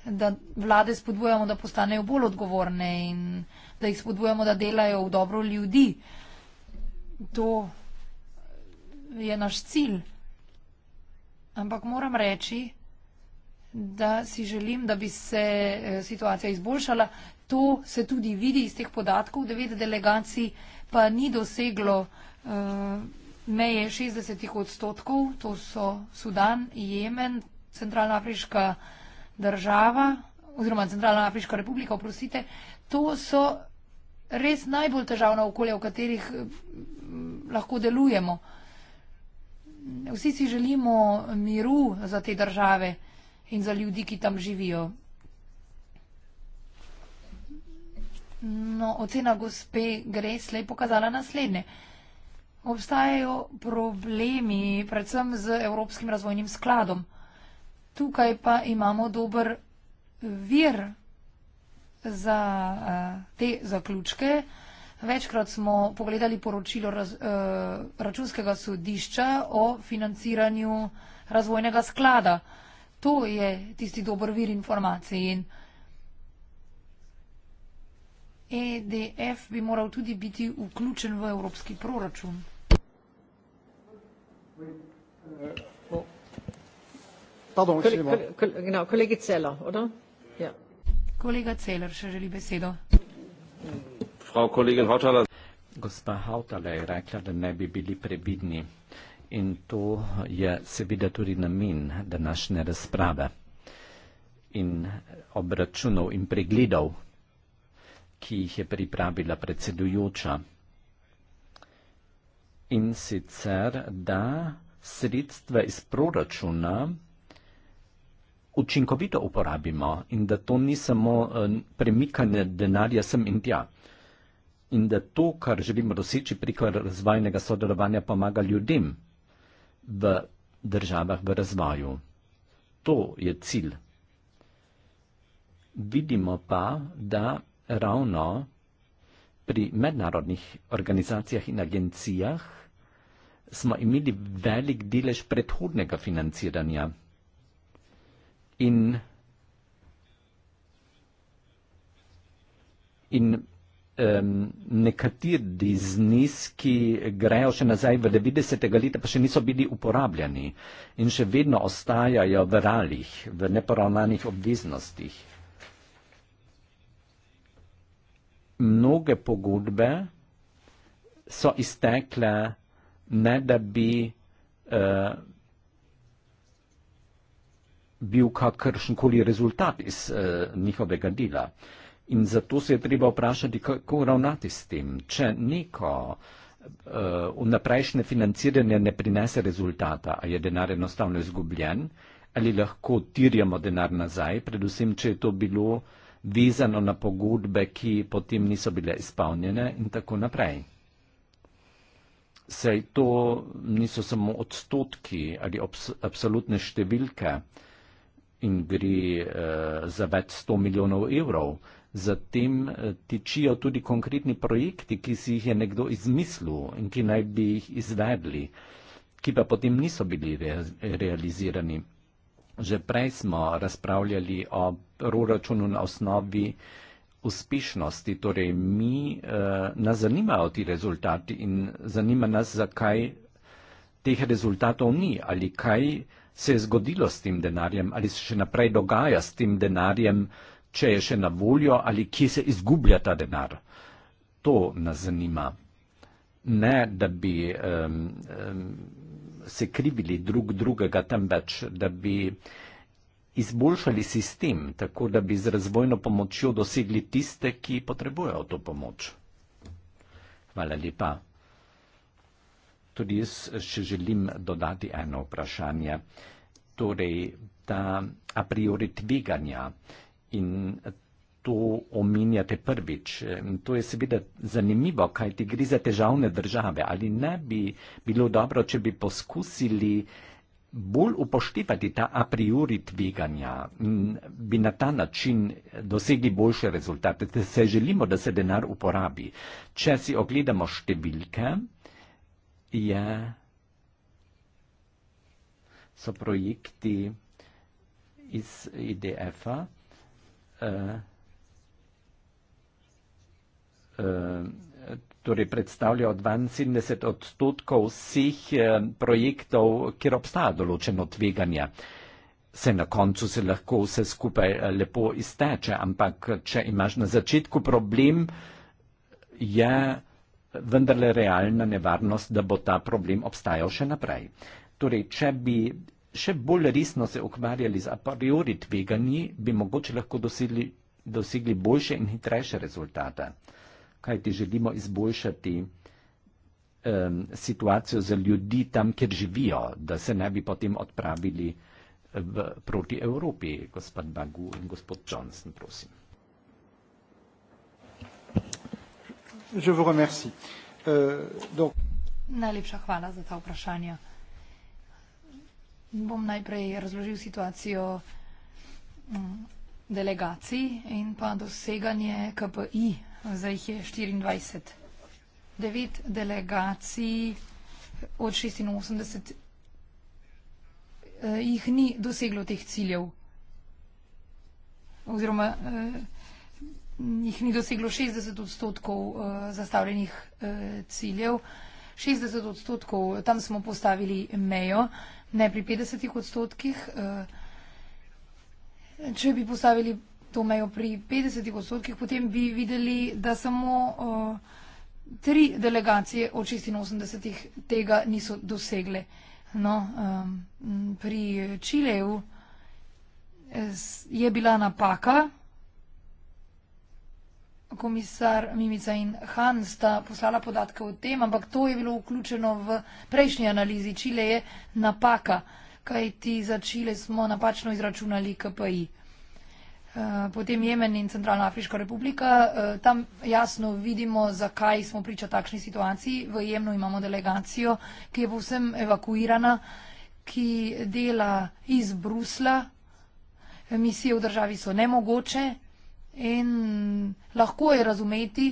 da vlade spodbujamo, da postanejo bolj odgovorne in da jih spodbujamo, da delajo v dobro ljudi. To je naš cilj. Ampak moram reči, da si želim, da bi se eh, situacija izboljšala. To se tudi vidi iz teh podatkov. Devet delegacij pa ni doseglo uh, meje 60 odstotkov. To so Sudan, Jemen, Centralna Afriška država oziroma Centralna Afriška republika, oprostite. To so res najbolj težavna okolja, v katerih eh, lahko delujemo. Uh, Vsi si želimo miru za te države in za ljudi, ki tam živijo. No, ocena gospe Gresle je pokazala naslednje. Obstajajo problemi predvsem z Evropskim razvojnim skladom. Tukaj pa imamo dober vir za eh, te zaključke. Večkrat smo pogledali poročilo raz, uh, računskega sodišča o financiranju razvojnega sklada. To je tisti dober vir informacij. In EDF bi moral tudi biti vključen v evropski proračun. Pardon, Kole, kol, kol, no, kolegi Celo, ja. Kolega Celer še želi besedo. Mm. Gospa kolegin Hautala. Gospa Hautala je rekla, da ne bi bili previdni in to je seveda tudi namen današnje razprave in obračunov in pregledov, ki jih je pripravila predsedujoča. In sicer, da sredstva iz proračuna učinkovito uporabimo in da to ni samo eh, premikanje denarja sem in tja in da to, kar želimo doseči preko razvojnega sodelovanja, pomaga ljudem v državah v razvoju. To je cilj. Vidimo pa, da ravno pri mednarodnih organizacijah in agencijah smo imeli velik delež predhodnega financiranja. In, in um, nekateri zniski grejo še nazaj v 90-ega leta, pa še niso bili uporabljeni in še vedno ostajajo v ralih, v neporavnanih obveznostih. Mnoge pogodbe so iztekle, ne da bi uh, bil kakršenkoli rezultat iz uh, njihovega dela. Uh, In zato se je treba vprašati, kako ravnati s tem, če neko eh, vnaprejšnje uh, financiranje ne prinese rezultata, a je denar enostavno izgubljen, ali lahko tirjamo denar nazaj, predvsem, če je to bilo vezano na pogodbe, ki potem niso bile izpolnjene in tako naprej. Sej to niso samo odstotki ali obs absolutne številke in gre uh, za več sto milijonov evrov. Zatem eh, tičijo tudi konkretni projekti, ki si jih je nekdo izmislil in ki naj bi jih izvedli, ki pa potem niso bili re realizirani. Že prej smo razpravljali o proračunu na osnovi uspešnosti, torej mi eh, nas zanimajo ti rezultati in zanima nas, zakaj teh rezultatov ni ali kaj se je zgodilo s tem denarjem ali se še naprej dogaja s tem denarjem če je še na voljo ali kje se izgublja ta denar. To nas zanima. Ne, da bi um, um, se krivili drug drugega, temveč, da bi izboljšali sistem, tako da bi z razvojno pomočjo dosegli tiste, ki potrebujejo to pomoč. Hvala lepa. Tudi jaz še želim dodati eno vprašanje. Torej, ta a priori tveganja, in to omenjate prvič. To je seveda zanimivo, kaj ti gre za težavne države. Ali ne bi bilo dobro, če bi poskusili bolj upoštevati ta a priori tveganja in bi na ta način dosegli boljše rezultate. Se želimo, da se denar uporabi. Če si ogledamo številke, je, so projekti iz IDF-a e E, e, torej predstavlja dvainsedemdeset odstotkov vseh e, projektov, kjer obstaja določeno tveganje. Se na koncu se lahko vse skupaj lepo izteče, ampak če imaš na začetku problem, je vendarle realna nevarnost, da bo ta problem obstajal še naprej. Torej, če bi še bolj resno se ukvarjali z a priori tveganji, bi mogoče lahko dosegli, dosegli boljše in hitrejše rezultate. Kaj ti želimo izboljšati um, situacijo za ljudi tam, kjer živijo, da se ne bi potem odpravili eh, v, proti Evropi, gospod Bagu in gospod Johnson, prosim. Euh, Najlepša hvala za ta vprašanja bom najprej razložil situacijo mm, delegacij in pa doseganje KPI. Zdaj jih je 24. Devet delegacij od 86 eh, jih ni doseglo teh ciljev. Oziroma eh, jih ni doseglo 60 odstotkov eh, zastavljenih eh, ciljev. 60 odstotkov, tam smo postavili mejo. Eh, ne pri 50 odstotkih. Eh, če bi postavili to mejo pri 50 odstotkih, potem bi videli, da samo eh, tri delegacije od 86 tega niso dosegle. No, eh, pri Čileju je bila napaka komisar Mimica in Han sta poslala podatke o tem, ampak to je bilo vključeno v prejšnji analizi. Čile je napaka, kajti za Čile smo napačno izračunali KPI. Eh, potem Jemen in Centralna Afriška republika. Eh, tam jasno vidimo, zakaj smo priča takšni situaciji. V Jemnu imamo delegacijo, ki je povsem evakuirana, ki dela iz Brusla. Misije v državi so nemogoče, In lahko je razumeti,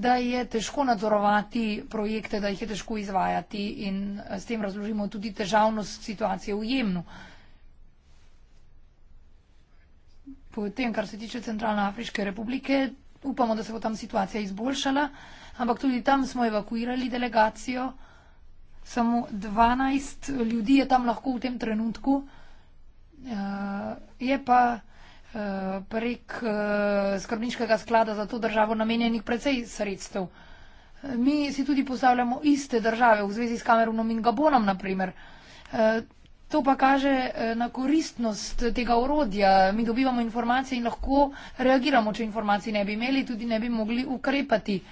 da je težko nadzorovati projekte, da jih je težko izvajati in eh, s tem razložimo tudi težavnost situacije v Jemnu. Po tem, kar se tiče Centralne Afriške republike, upamo, da se bo tam situacija izboljšala, ampak tudi tam smo evakuirali delegacijo. Samo 12 ljudi je tam lahko v tem trenutku. Eh, je pa prek eh, skrbniškega sklada za to državo namenjenih precej sredstev. Mi si tudi postavljamo iste države v zvezi s Kamerunom in Gabonom, naprimer. Eh, to pa kaže eh, na koristnost tega orodja. Mi dobivamo informacije in lahko reagiramo, če informacij ne bi imeli, tudi ne bi mogli ukrepati.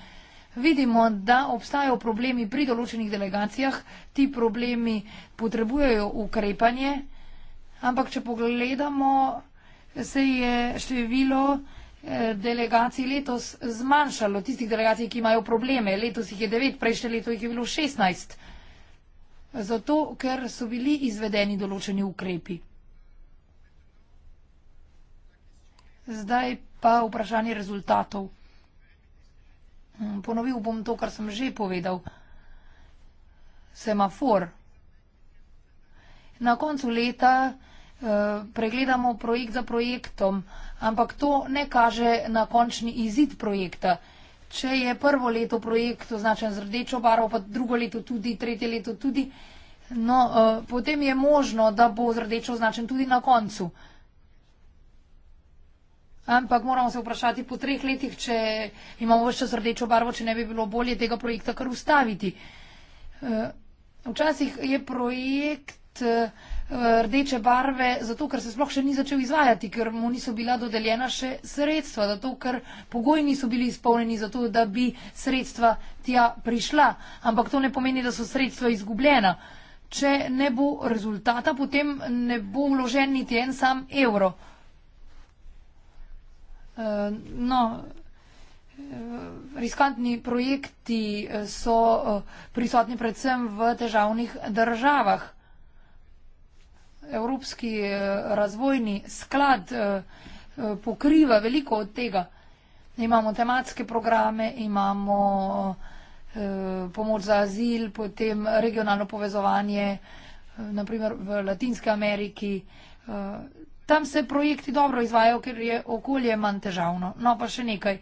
Vidimo, da obstajajo problemi pri določenih delegacijah, ti problemi potrebujejo ukrepanje, ampak če pogledamo, se je število eh, delegacij letos zmanjšalo, tistih delegacij, ki imajo probleme. Letos jih je devet, prejšnje leto jih je bilo šestnajst. Zato, ker so bili izvedeni določeni ukrepi. Zdaj pa vprašanje rezultatov. Hm, ponovil bom to, kar sem že povedal. Semafor. Na koncu leta Eh, pregledamo projekt za projektom, ampak to ne kaže na končni izid projekta. Če je prvo leto projekt označen z rdečo barvo, pa drugo leto tudi, tretje leto tudi, no, eh, potem je možno, da bo z rdečo označen tudi na koncu. Ampak moramo se vprašati po treh letih, če imamo vse čas rdečo barvo, če ne bi bilo bolje tega projekta kar ustaviti. Eh, včasih je projekt rdeče barve, zato ker se sploh še ni začel izvajati, ker mu niso bila dodeljena še sredstva, zato ker pogoji niso bili izpolneni za to, da bi sredstva tja prišla. Ampak to ne pomeni, da so sredstva izgubljena. Če ne bo rezultata, potem ne bo vložen niti en sam evro. E, no, e, riskantni projekti e, so prisotni predvsem v težavnih državah. Evropski eh, razvojni sklad eh, eh, pokriva veliko od tega. Imamo tematske programe, imamo pomoč za azil, potem regionalno povezovanje, naprimer v Latinske Ameriki. Tam se projekti dobro izvajo, ker je okolje manj težavno. No pa še nekaj.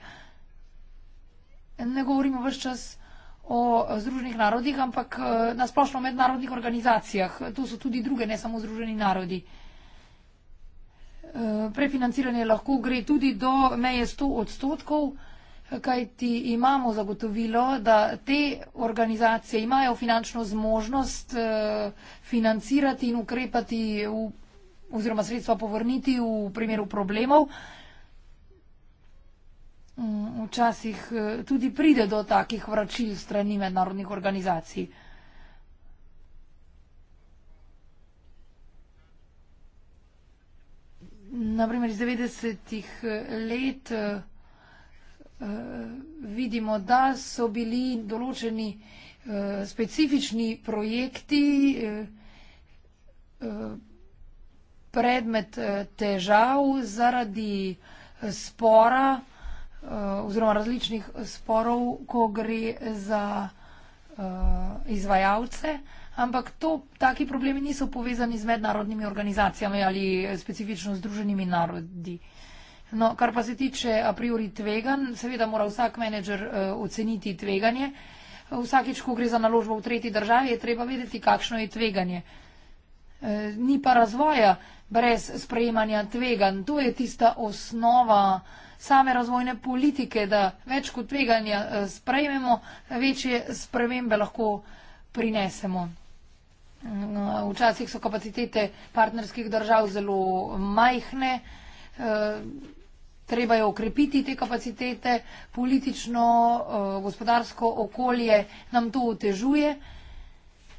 Ne govorimo vse čas o eh, Združenih narodih, ampak eh, na splošno o mednarodnih organizacijah. To so tudi druge, ne samo Združeni narodi. Eh, prefinanciranje lahko gre tudi do meje 100 odstotkov, kajti imamo zagotovilo, da te organizacije imajo finančno zmožnost financirati in ukrepati v, oziroma sredstva povrniti v primeru problemov. Mm, včasih eh, tudi pride do takih vračil strani mednarodnih organizacij. Naprimer, iz 90-ih eh, let eh, vidimo, da so bili določeni specifični projekti predmet težav zaradi spora Eh, oziroma različnih sporov, ko gre za eh, izvajalce, ampak to, taki problemi niso povezani z mednarodnimi organizacijami ali specifično z druženimi narodi. No, kar pa se tiče a priori tvegan, seveda mora vsak menedžer eh, oceniti tveganje. Vsakič, ko gre za naložbo v tretji državi, je treba vedeti, kakšno je tveganje. Eh, ni pa razvoja brez sprejemanja tvegan. To je tista osnova same razvojne politike, da več kot tveganja eh, sprejmemo, večje spremembe lahko prinesemo. Mm, včasih so kapacitete partnerskih držav zelo majhne, eh, treba je okrepiti te kapacitete, politično, gospodarsko okolje nam to otežuje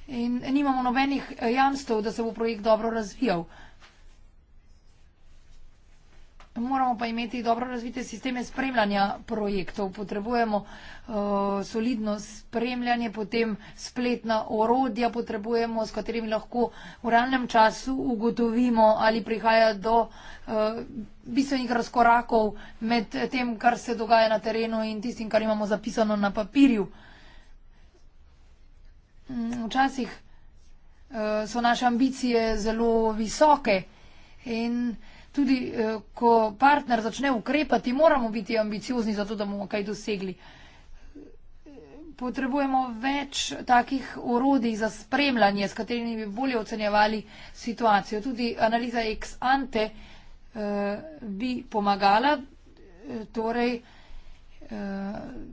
in nimamo nobenih eh, jamstev, da se bo projekt dobro razvijal. Moramo pa imeti dobro razvite sisteme spremljanja projektov. Potrebujemo uh, solidno spremljanje, potem spletna orodja potrebujemo, s katerimi lahko v realnem času ugotovimo, ali prihaja do uh, bistvenih razkorakov med tem, kar se dogaja na terenu in tistim, kar imamo zapisano na papirju. Uh, včasih eh, so naše ambicije zelo visoke in tudi eh, ko partner začne ukrepati, moramo biti ambiciozni za to, da bomo kaj dosegli. Potrebujemo več takih orodij za spremljanje, s katerimi bi bolje ocenjevali situacijo. Tudi analiza ex ante eh, bi pomagala, torej, Eh,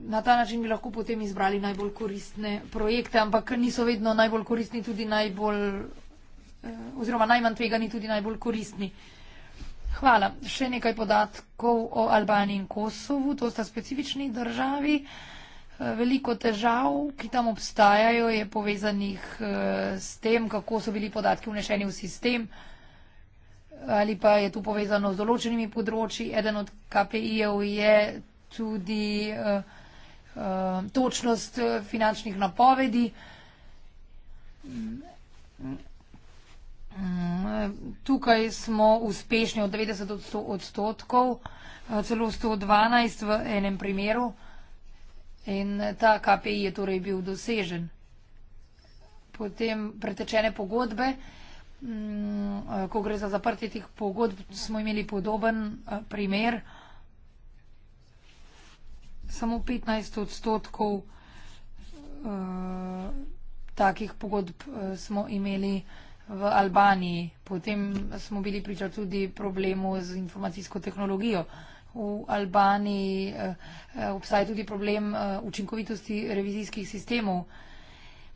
na ta način bi lahko potem izbrali najbolj koristne projekte, ampak niso vedno najbolj koristni, tudi najbolj, eh, oziroma najmanj tvegani, tudi najbolj koristni. Hvala. Še nekaj podatkov o Albaniji in Kosovu. To sta specifični državi. Eh, veliko težav, ki tam obstajajo, je povezanih s tem, kako so bili podatki vnešeni v sistem ali pa je tu povezano z določenimi področji. Eden od KPI-jev je tudi eh, eh, točnost eh, finančnih napovedi. Tukaj smo uspešni od 90 odstotkov, celo 112 v enem primeru in ta KPI je torej bil dosežen. Potem pretečene pogodbe, mm, ko gre za zaprtje tih pogodb, smo imeli podoben primer, samo 15 odstotkov uh, takih pogodb uh, smo imeli v Albaniji. Potem smo bili priča tudi problemu z informacijsko tehnologijo. V Albaniji uh, obstaja tudi problem uh, učinkovitosti revizijskih sistemov.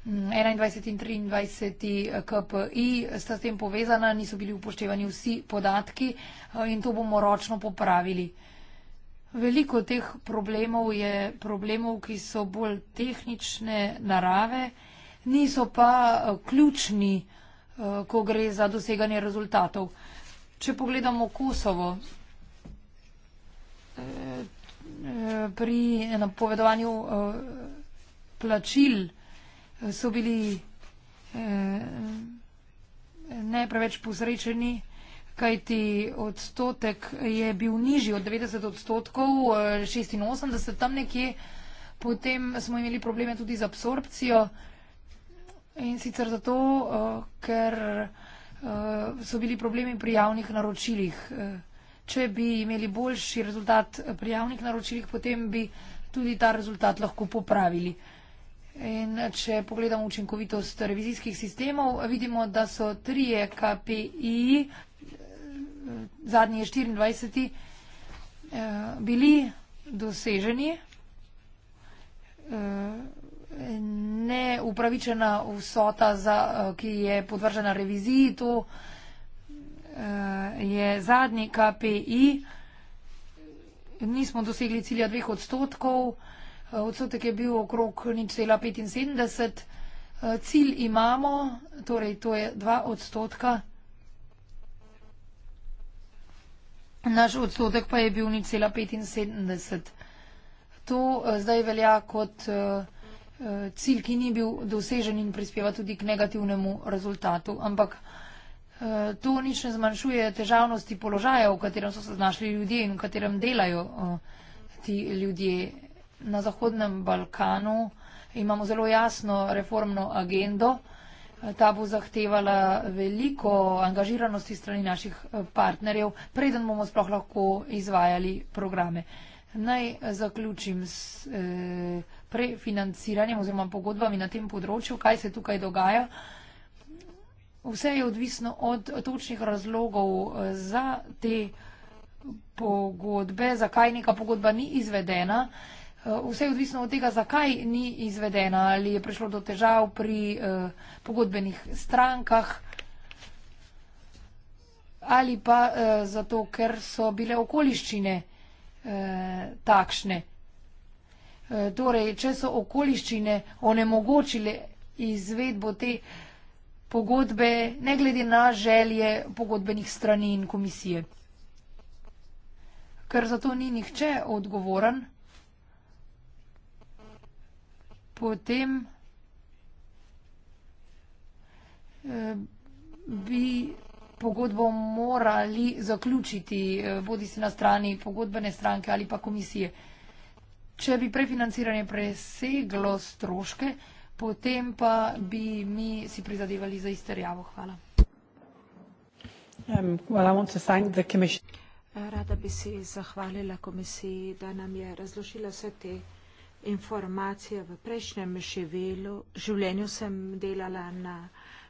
21 mm, in 23 KPI sta s tem povezana, niso bili upoštevani vsi podatki in to bomo ročno popravili. Uh, Veliko teh problemov je problemov, ki so bolj tehnične narave, niso pa eh, ključni, eh, ko gre za doseganje rezultatov. Če pogledamo Kosovo, eh, pri napovedovanju plačil so bili ne preveč posrečeni kajti odstotek je bil nižji od 90 odstotkov, 86 eh, tam nekje. Potem smo imeli probleme tudi z absorpcijo in sicer zato, eh, ker eh, so bili problemi pri javnih naročilih. Če bi imeli boljši rezultat pri javnih naročilih, potem bi tudi ta rezultat lahko popravili. In če pogledamo učinkovitost revizijskih sistemov, vidimo, da so trije KPI, zadnji je 24, eh, bili doseženi. Eh, neupravičena vsota, za, eh, ki je podvržena reviziji, to je zadnji KPI. Nismo dosegli cilja dveh odstotkov, odstotek je bil okrog nič cela 75. Cilj imamo, torej to je dva odstotka. naš odstotek pa je bil 0,75. To eh, zdaj velja kot eh, eh, cilj, ki ni bil dosežen in prispeva tudi k negativnemu rezultatu. Ampak to nič ne zmanjšuje težavnosti položaja, v katerem so se znašli ljudje in v katerem delajo ti ljudje. Na Zahodnem Balkanu imamo zelo jasno reformno agendo. Ta bo zahtevala veliko angažiranosti strani naših eh, partnerjev, preden bomo sploh lahko izvajali programe. Naj eh, zaključim s eh, prefinanciranjem oziroma pogodbami na tem področju, kaj se tukaj dogaja. Vse je odvisno od točnih razlogov za te pogodbe, zakaj neka pogodba ni izvedena. Eh, vse je odvisno od tega, zakaj ni izvedena, ali je prišlo do težav pri eh, pogodbenih strankah ali pa eh, zato, ker so bile okoliščine eh, takšne. Eh, torej, če so okoliščine onemogočile izvedbo te pogodbe, ne glede na želje pogodbenih strani in komisije. Ker zato ni nihče odgovoren potem eh, bi pogodbo morali zaključiti, eh, bodi se na strani pogodbene stranke ali pa komisije. Če bi prefinanciranje preseglo stroške, potem pa bi mi si prizadevali za izterjavo. Hvala. Um, Rada bi si zahvalila komisiji, da nam je razložila vse te informacije v prejšnjem živelu, življenju sem delala na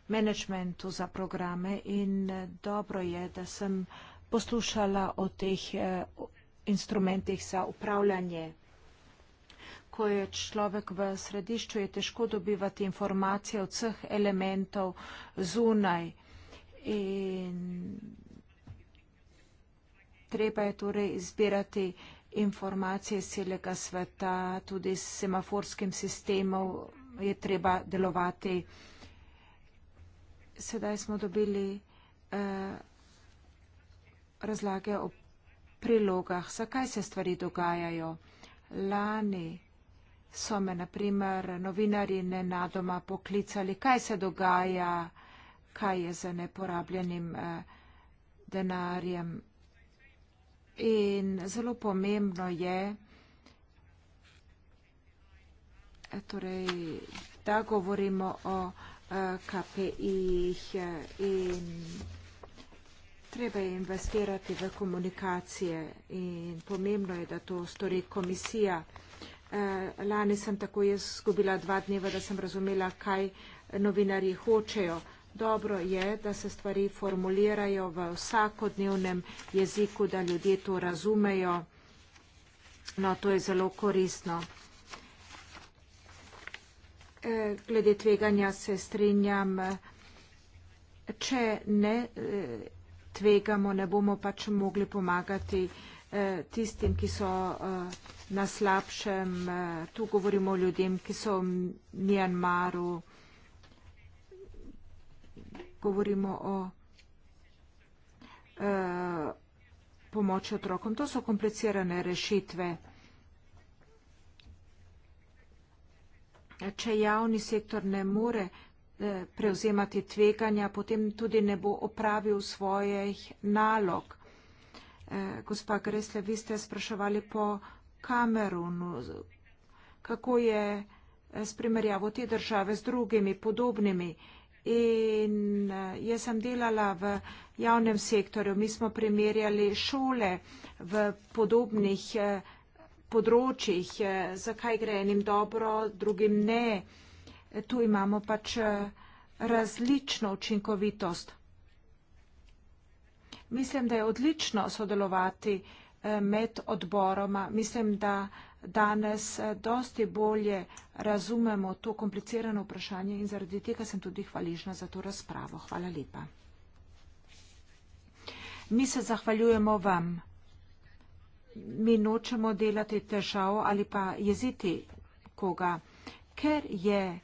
menedžmentu za programe in eh, dobro je, da sem poslušala o teh eh, instrumentih za upravljanje. Ko je človek v središču, je težko dobivati informacije od vseh elementov zunaj in treba je torej izbirati informacije iz celega sveta, tudi s semaforskim sistemom je treba delovati. Sedaj smo dobili eh, razlage o prilogah, zakaj se stvari dogajajo. Lani so me naprimer novinari nenadoma poklicali, kaj se dogaja, kaj je z neporabljenim eh, denarjem In zelo pomembno je, torej, da govorimo o eh, KPI-jih eh, in treba je investirati v komunikacije in pomembno je, da to stori komisija. Eh, lani sem tako jaz zgubila dva dneva, da sem razumela, kaj novinarji hočejo. Dobro je, da se stvari formulirajo v vsakodnevnem jeziku, da ljudje to razumejo. No, to je zelo koristno. E, glede tveganja se strinjam, če ne e, tvegamo, ne bomo pač mogli pomagati e, tistim, ki so na slabšem. Tu govorimo o ljudem, ki so v Mjanmaru govorimo o e, pomoči otrokom. To so komplicirane rešitve. Če javni sektor ne more e, prevzemati tveganja, potem tudi ne bo opravil svojih nalog. E, gospa Gresle, vi ste spraševali po Kamerunu, kako je s primerjavo te države z drugimi podobnimi. E, In eh, jaz sem delala v javnem sektorju. Mi smo primerjali šole v podobnih eh, področjih, eh, zakaj gre enim dobro, drugim ne. Tu imamo pač različno učinkovitost. Mislim, da je odlično sodelovati med odboroma. Mislim, da danes eh, dosti bolje razumemo to komplicirano vprašanje in zaradi tega sem tudi hvaležna za to razpravo. Hvala lepa. Mi se zahvaljujemo vam. Mi nočemo delati težav ali pa jeziti koga, ker je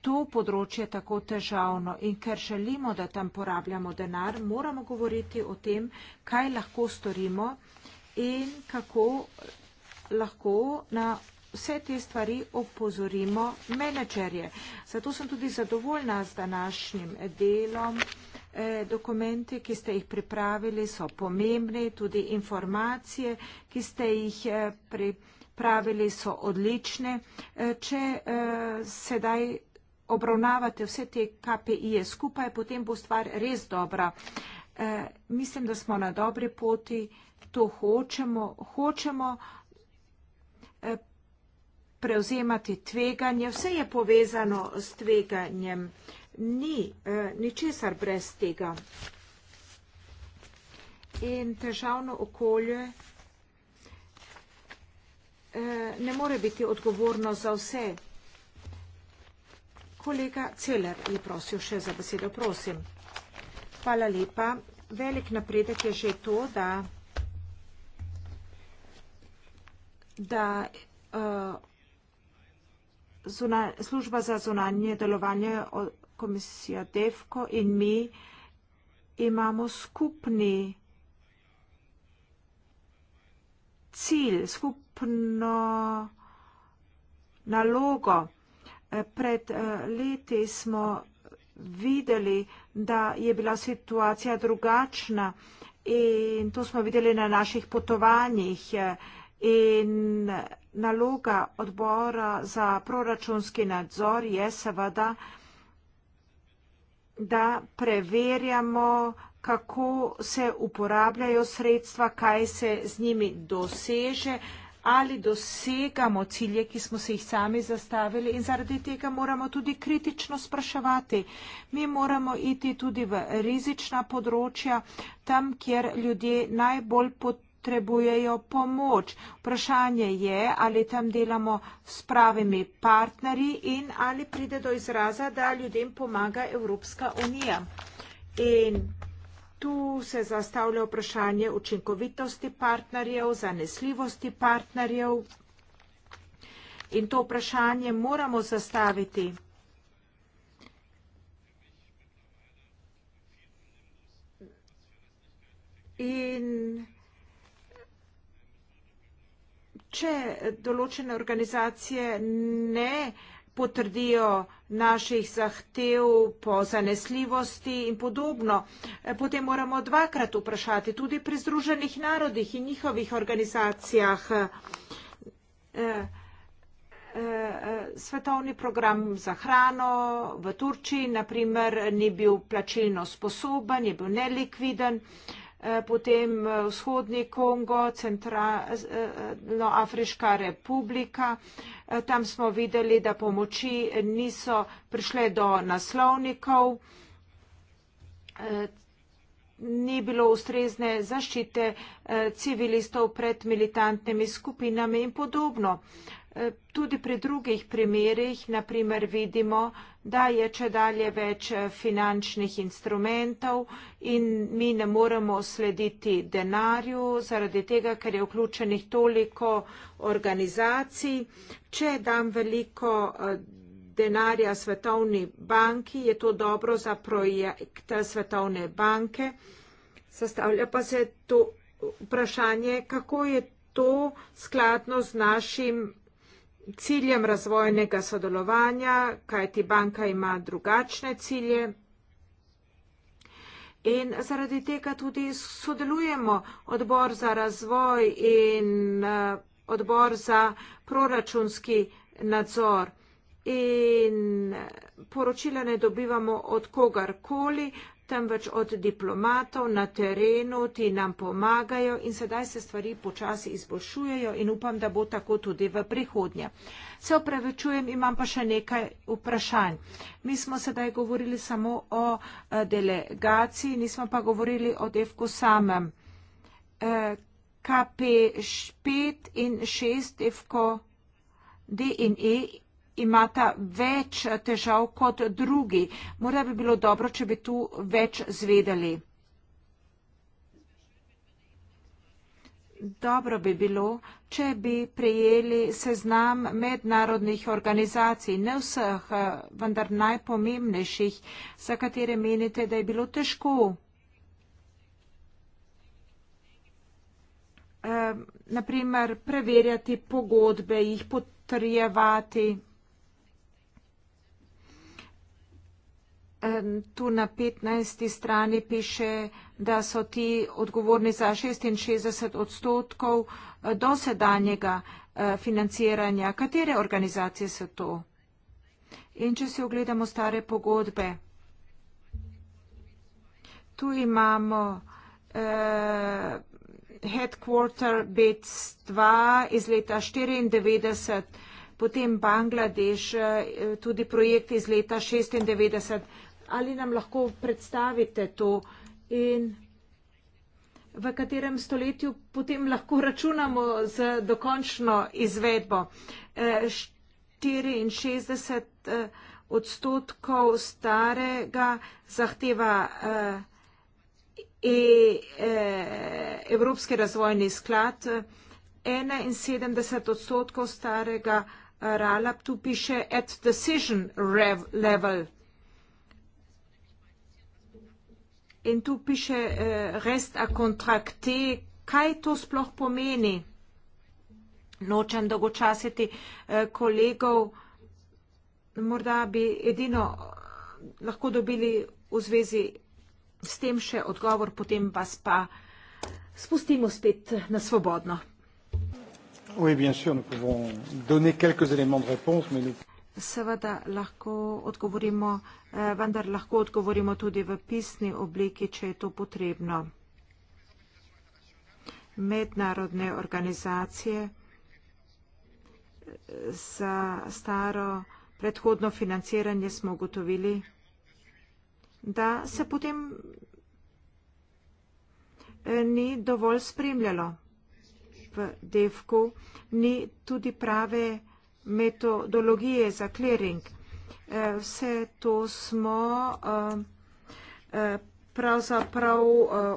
to področje tako težavno in ker želimo, da tam porabljamo denar, moramo govoriti o tem, kaj lahko storimo in kako lahko na vse te stvari opozorimo menedžerje. Zato sem tudi zadovoljna z današnjim delom. E, dokumenti, ki ste jih pripravili, so pomembni, tudi informacije, ki ste jih e, pripravili, so odlične. E, če sedaj obravnavate vse te KPI-je skupaj, potem bo stvar res dobra. E, mislim, da smo na dobri poti, to hočemo, hočemo e, prevzemati tveganje, vse je povezano s tveganjem, ni e, ničesar brez tega. In težavno okolje ne more biti odgovorno za vse. Kolega Celer je prosil še za besedo, prosim. Hvala lepa. Velik napredek je že to, da, da uh, zuna, služba za zunanje delovanje komisija DEFKO in mi imamo skupni cilj, skupno nalogo. Eh, pred eh, leti smo videli, da je bila situacija drugačna in to smo videli na naših potovanjih in naloga odbora za proračunski nadzor je seveda, da preverjamo, kako se uporabljajo sredstva, kaj se z njimi doseže, ali dosegamo cilje, ki smo se jih sami zastavili in zaradi tega moramo tudi kritično spraševati. Mi moramo iti tudi v rizična področja, tam, kjer ljudje najbolj potrebujejo pomoč. Vprašanje je, ali tam delamo s pravimi partnerji in ali pride do izraza, da ljudem pomaga Evropska unija. In Tu se zastavlja vprašanje učinkovitosti partnerjev, zanesljivosti partnerjev in to vprašanje moramo zastaviti. In če določene organizacije ne vprašajo, potrdijo naših zahtev po zanesljivosti in podobno. E, potem moramo dvakrat vprašati tudi pri Združenih narodih in njihovih organizacijah. E, e, svetovni program za hrano v Turčiji, naprimer, ni bil plačilno sposoben, je bil nelikviden. Eh, potem eh, vzhodni Kongo, Centralnoafriška republika. Eh, tam smo videli, da pomoči niso prišle do naslovnikov, ni bilo ustrezne zaščite civilistov pred militantnimi skupinami in podobno. Eh, tudi pri drugih primerih, naprimer, vidimo, da je če dalje več eh, finančnih instrumentov in mi ne moremo slediti denarju, zaradi tega, ker je vključenih toliko organizacij. Če dam veliko eh, denarja Svetovni banki, je to dobro za projekt Svetovne banke. Sestavlja pa se to vprašanje, kako je to skladno z našim ciljem razvojnega sodelovanja, kajti banka ima drugačne cilje. In zaradi tega tudi sodelujemo odbor za razvoj in eh, odbor za proračunski nadzor. In eh, poročila ne dobivamo od kogarkoli, temveč od diplomatov na terenu, ti nam pomagajo in sedaj se stvari počasi izboljšujejo in upam, da bo tako tudi v prihodnje. Se opravičujem, imam pa še nekaj vprašanj. Mi smo sedaj govorili samo o eh, delegaciji, nismo pa govorili o devku samem. Eh, KP 5 in 6 devko D in E imata več težav kot drugi. Morda bi bilo dobro, če bi tu več zvedeli. Dobro bi bilo, če bi prejeli seznam mednarodnih organizacij, ne vseh, vendar najpomembnejših, za katere menite, da je bilo težko. Ehm, Naprimer, preverjati pogodbe, jih potrjevati, tu na 15. strani piše, da so ti odgovorni za 66 odstotkov eh, dosedanjega eh, financiranja. Katere organizacije so to? In če se ogledamo stare pogodbe, tu imamo uh, Headquarter Bates 2 iz leta 1994, potem Bangladeš, tudi projekt iz leta 1996 ali nam lahko predstavite to in v katerem stoletju potem lahko računamo z dokončno izvedbo. 64 e, e, odstotkov starega zahteva e, Evropski razvojni sklad, 71 odstotkov starega RALAP, tu piše at decision level. in tu piše eh, rest a contracte. Kaj to sploh pomeni? Nočem dolgočasiti eh, kolegov. Morda bi edino eh, lahko dobili v zvezi s tem še odgovor, potem vas pa spustimo spet na svobodno. Oui, bien sûr, nous pouvons donner quelques éléments de réponse, mais nous seveda lahko odgovorimo, eh, vendar lahko odgovorimo tudi v pisni obliki, če je to potrebno. Mednarodne organizacije eh, za staro predhodno financiranje smo ugotovili, da se potem eh, ni dovolj spremljalo v devku, ni tudi prave metodologije za clearing. Eh, vse to smo eh, eh, pravzaprav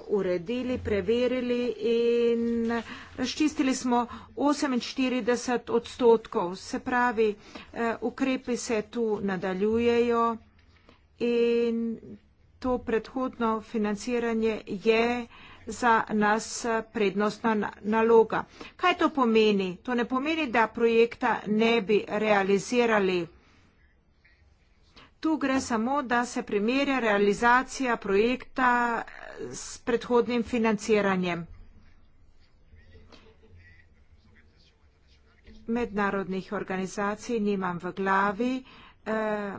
uredili, preverili in razčistili smo 48 odstotkov. Se pravi, ukrepi se tu nadaljujejo in to predhodno financiranje je za nas eh, prednostna naloga. Kaj to pomeni? To ne pomeni, da projekta ne bi realizirali. Tu gre samo, da se primerja realizacija projekta eh, s predhodnim financiranjem mednarodnih organizacij, nimam v glavi. Eh,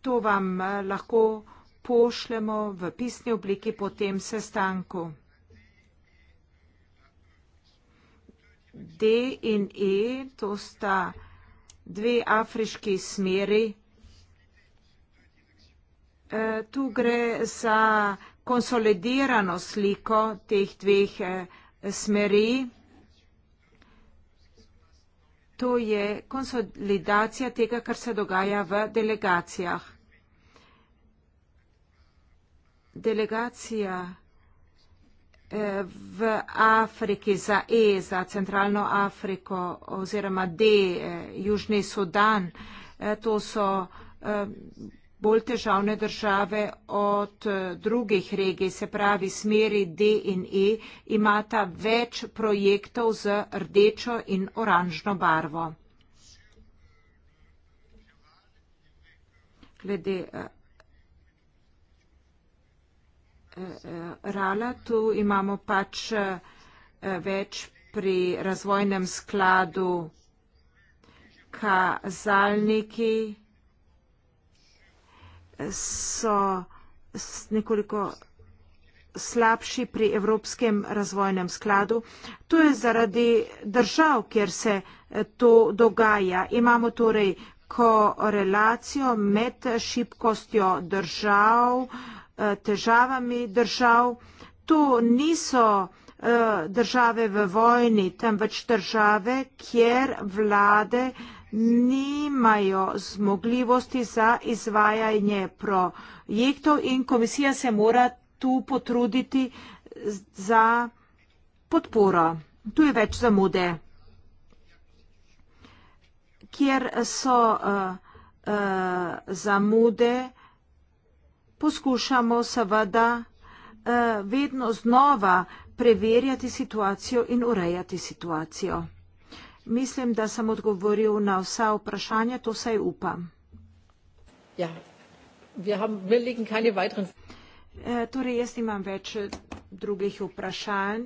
to vam lahko pošljemo v pisni obliki po tem sestanku. D in E, to sta dve afriški smeri. E, tu gre za konsolidirano sliko teh dveh e, smeri. To je konsolidacija tega, kar se dogaja v delegacijah. Delegacija v Afriki za E, za Centralno Afriko oziroma D, eh, Južni Sudan. Eh, to so eh, bolj težavne države od drugih regij, se pravi smeri D in E, imata več projektov z rdečo in oranžno barvo. Glede rala. Tu imamo pač eh, več pri razvojnem skladu kazalniki so nekoliko slabši pri Evropskem razvojnem skladu. To je zaradi držav, kjer se eh, to dogaja. Imamo torej korelacijo med šibkostjo držav, Eh, težavami držav. To niso eh, države v vojni, temveč države, kjer vlade nimajo zmogljivosti za izvajanje projektov in komisija se mora tu potruditi za podporo. Tu je več zamude, kjer so uh, uh, zamude uh, poskušamo seveda eh, vedno znova preverjati situacijo in urejati situacijo. Mislim, da sem odgovoril na vsa vprašanja, to vsaj upam. Ja, wir haben, wir legen keine weiteren... Eh, torej, jaz nimam več eh, drugih vprašanj.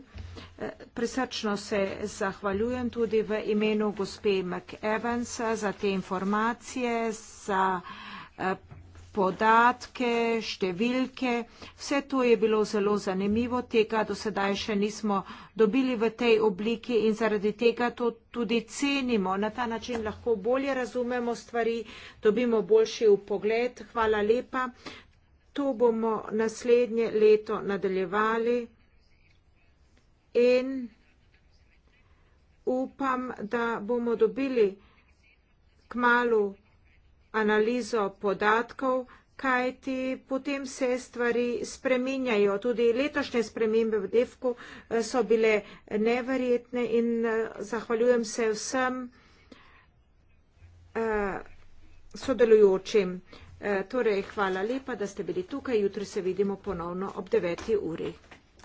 Presrčno se zahvaljujem tudi v imenu gospe McEvansa za te informacije, za podatke, številke. Vse to je bilo zelo zanimivo, tega do sedaj še nismo dobili v tej obliki in zaradi tega to tudi cenimo. Na ta način lahko bolje razumemo stvari, dobimo boljši upogled. Hvala lepa. To bomo naslednje leto nadaljevali in upam, da bomo dobili k malu analizo podatkov, kajti potem se stvari spreminjajo. Tudi letošnje spremembe v DEFKU eh, so bile neverjetne in eh, zahvaljujem se vsem eh, sodelujočim. Torej, hvala lepa, da ste bili tukaj. Jutri se vidimo ponovno ob 9. uri.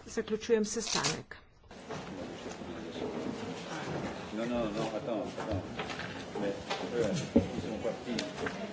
Zaključujem sestanek. No, no, no, attends, attends. Beh, siamo partiti.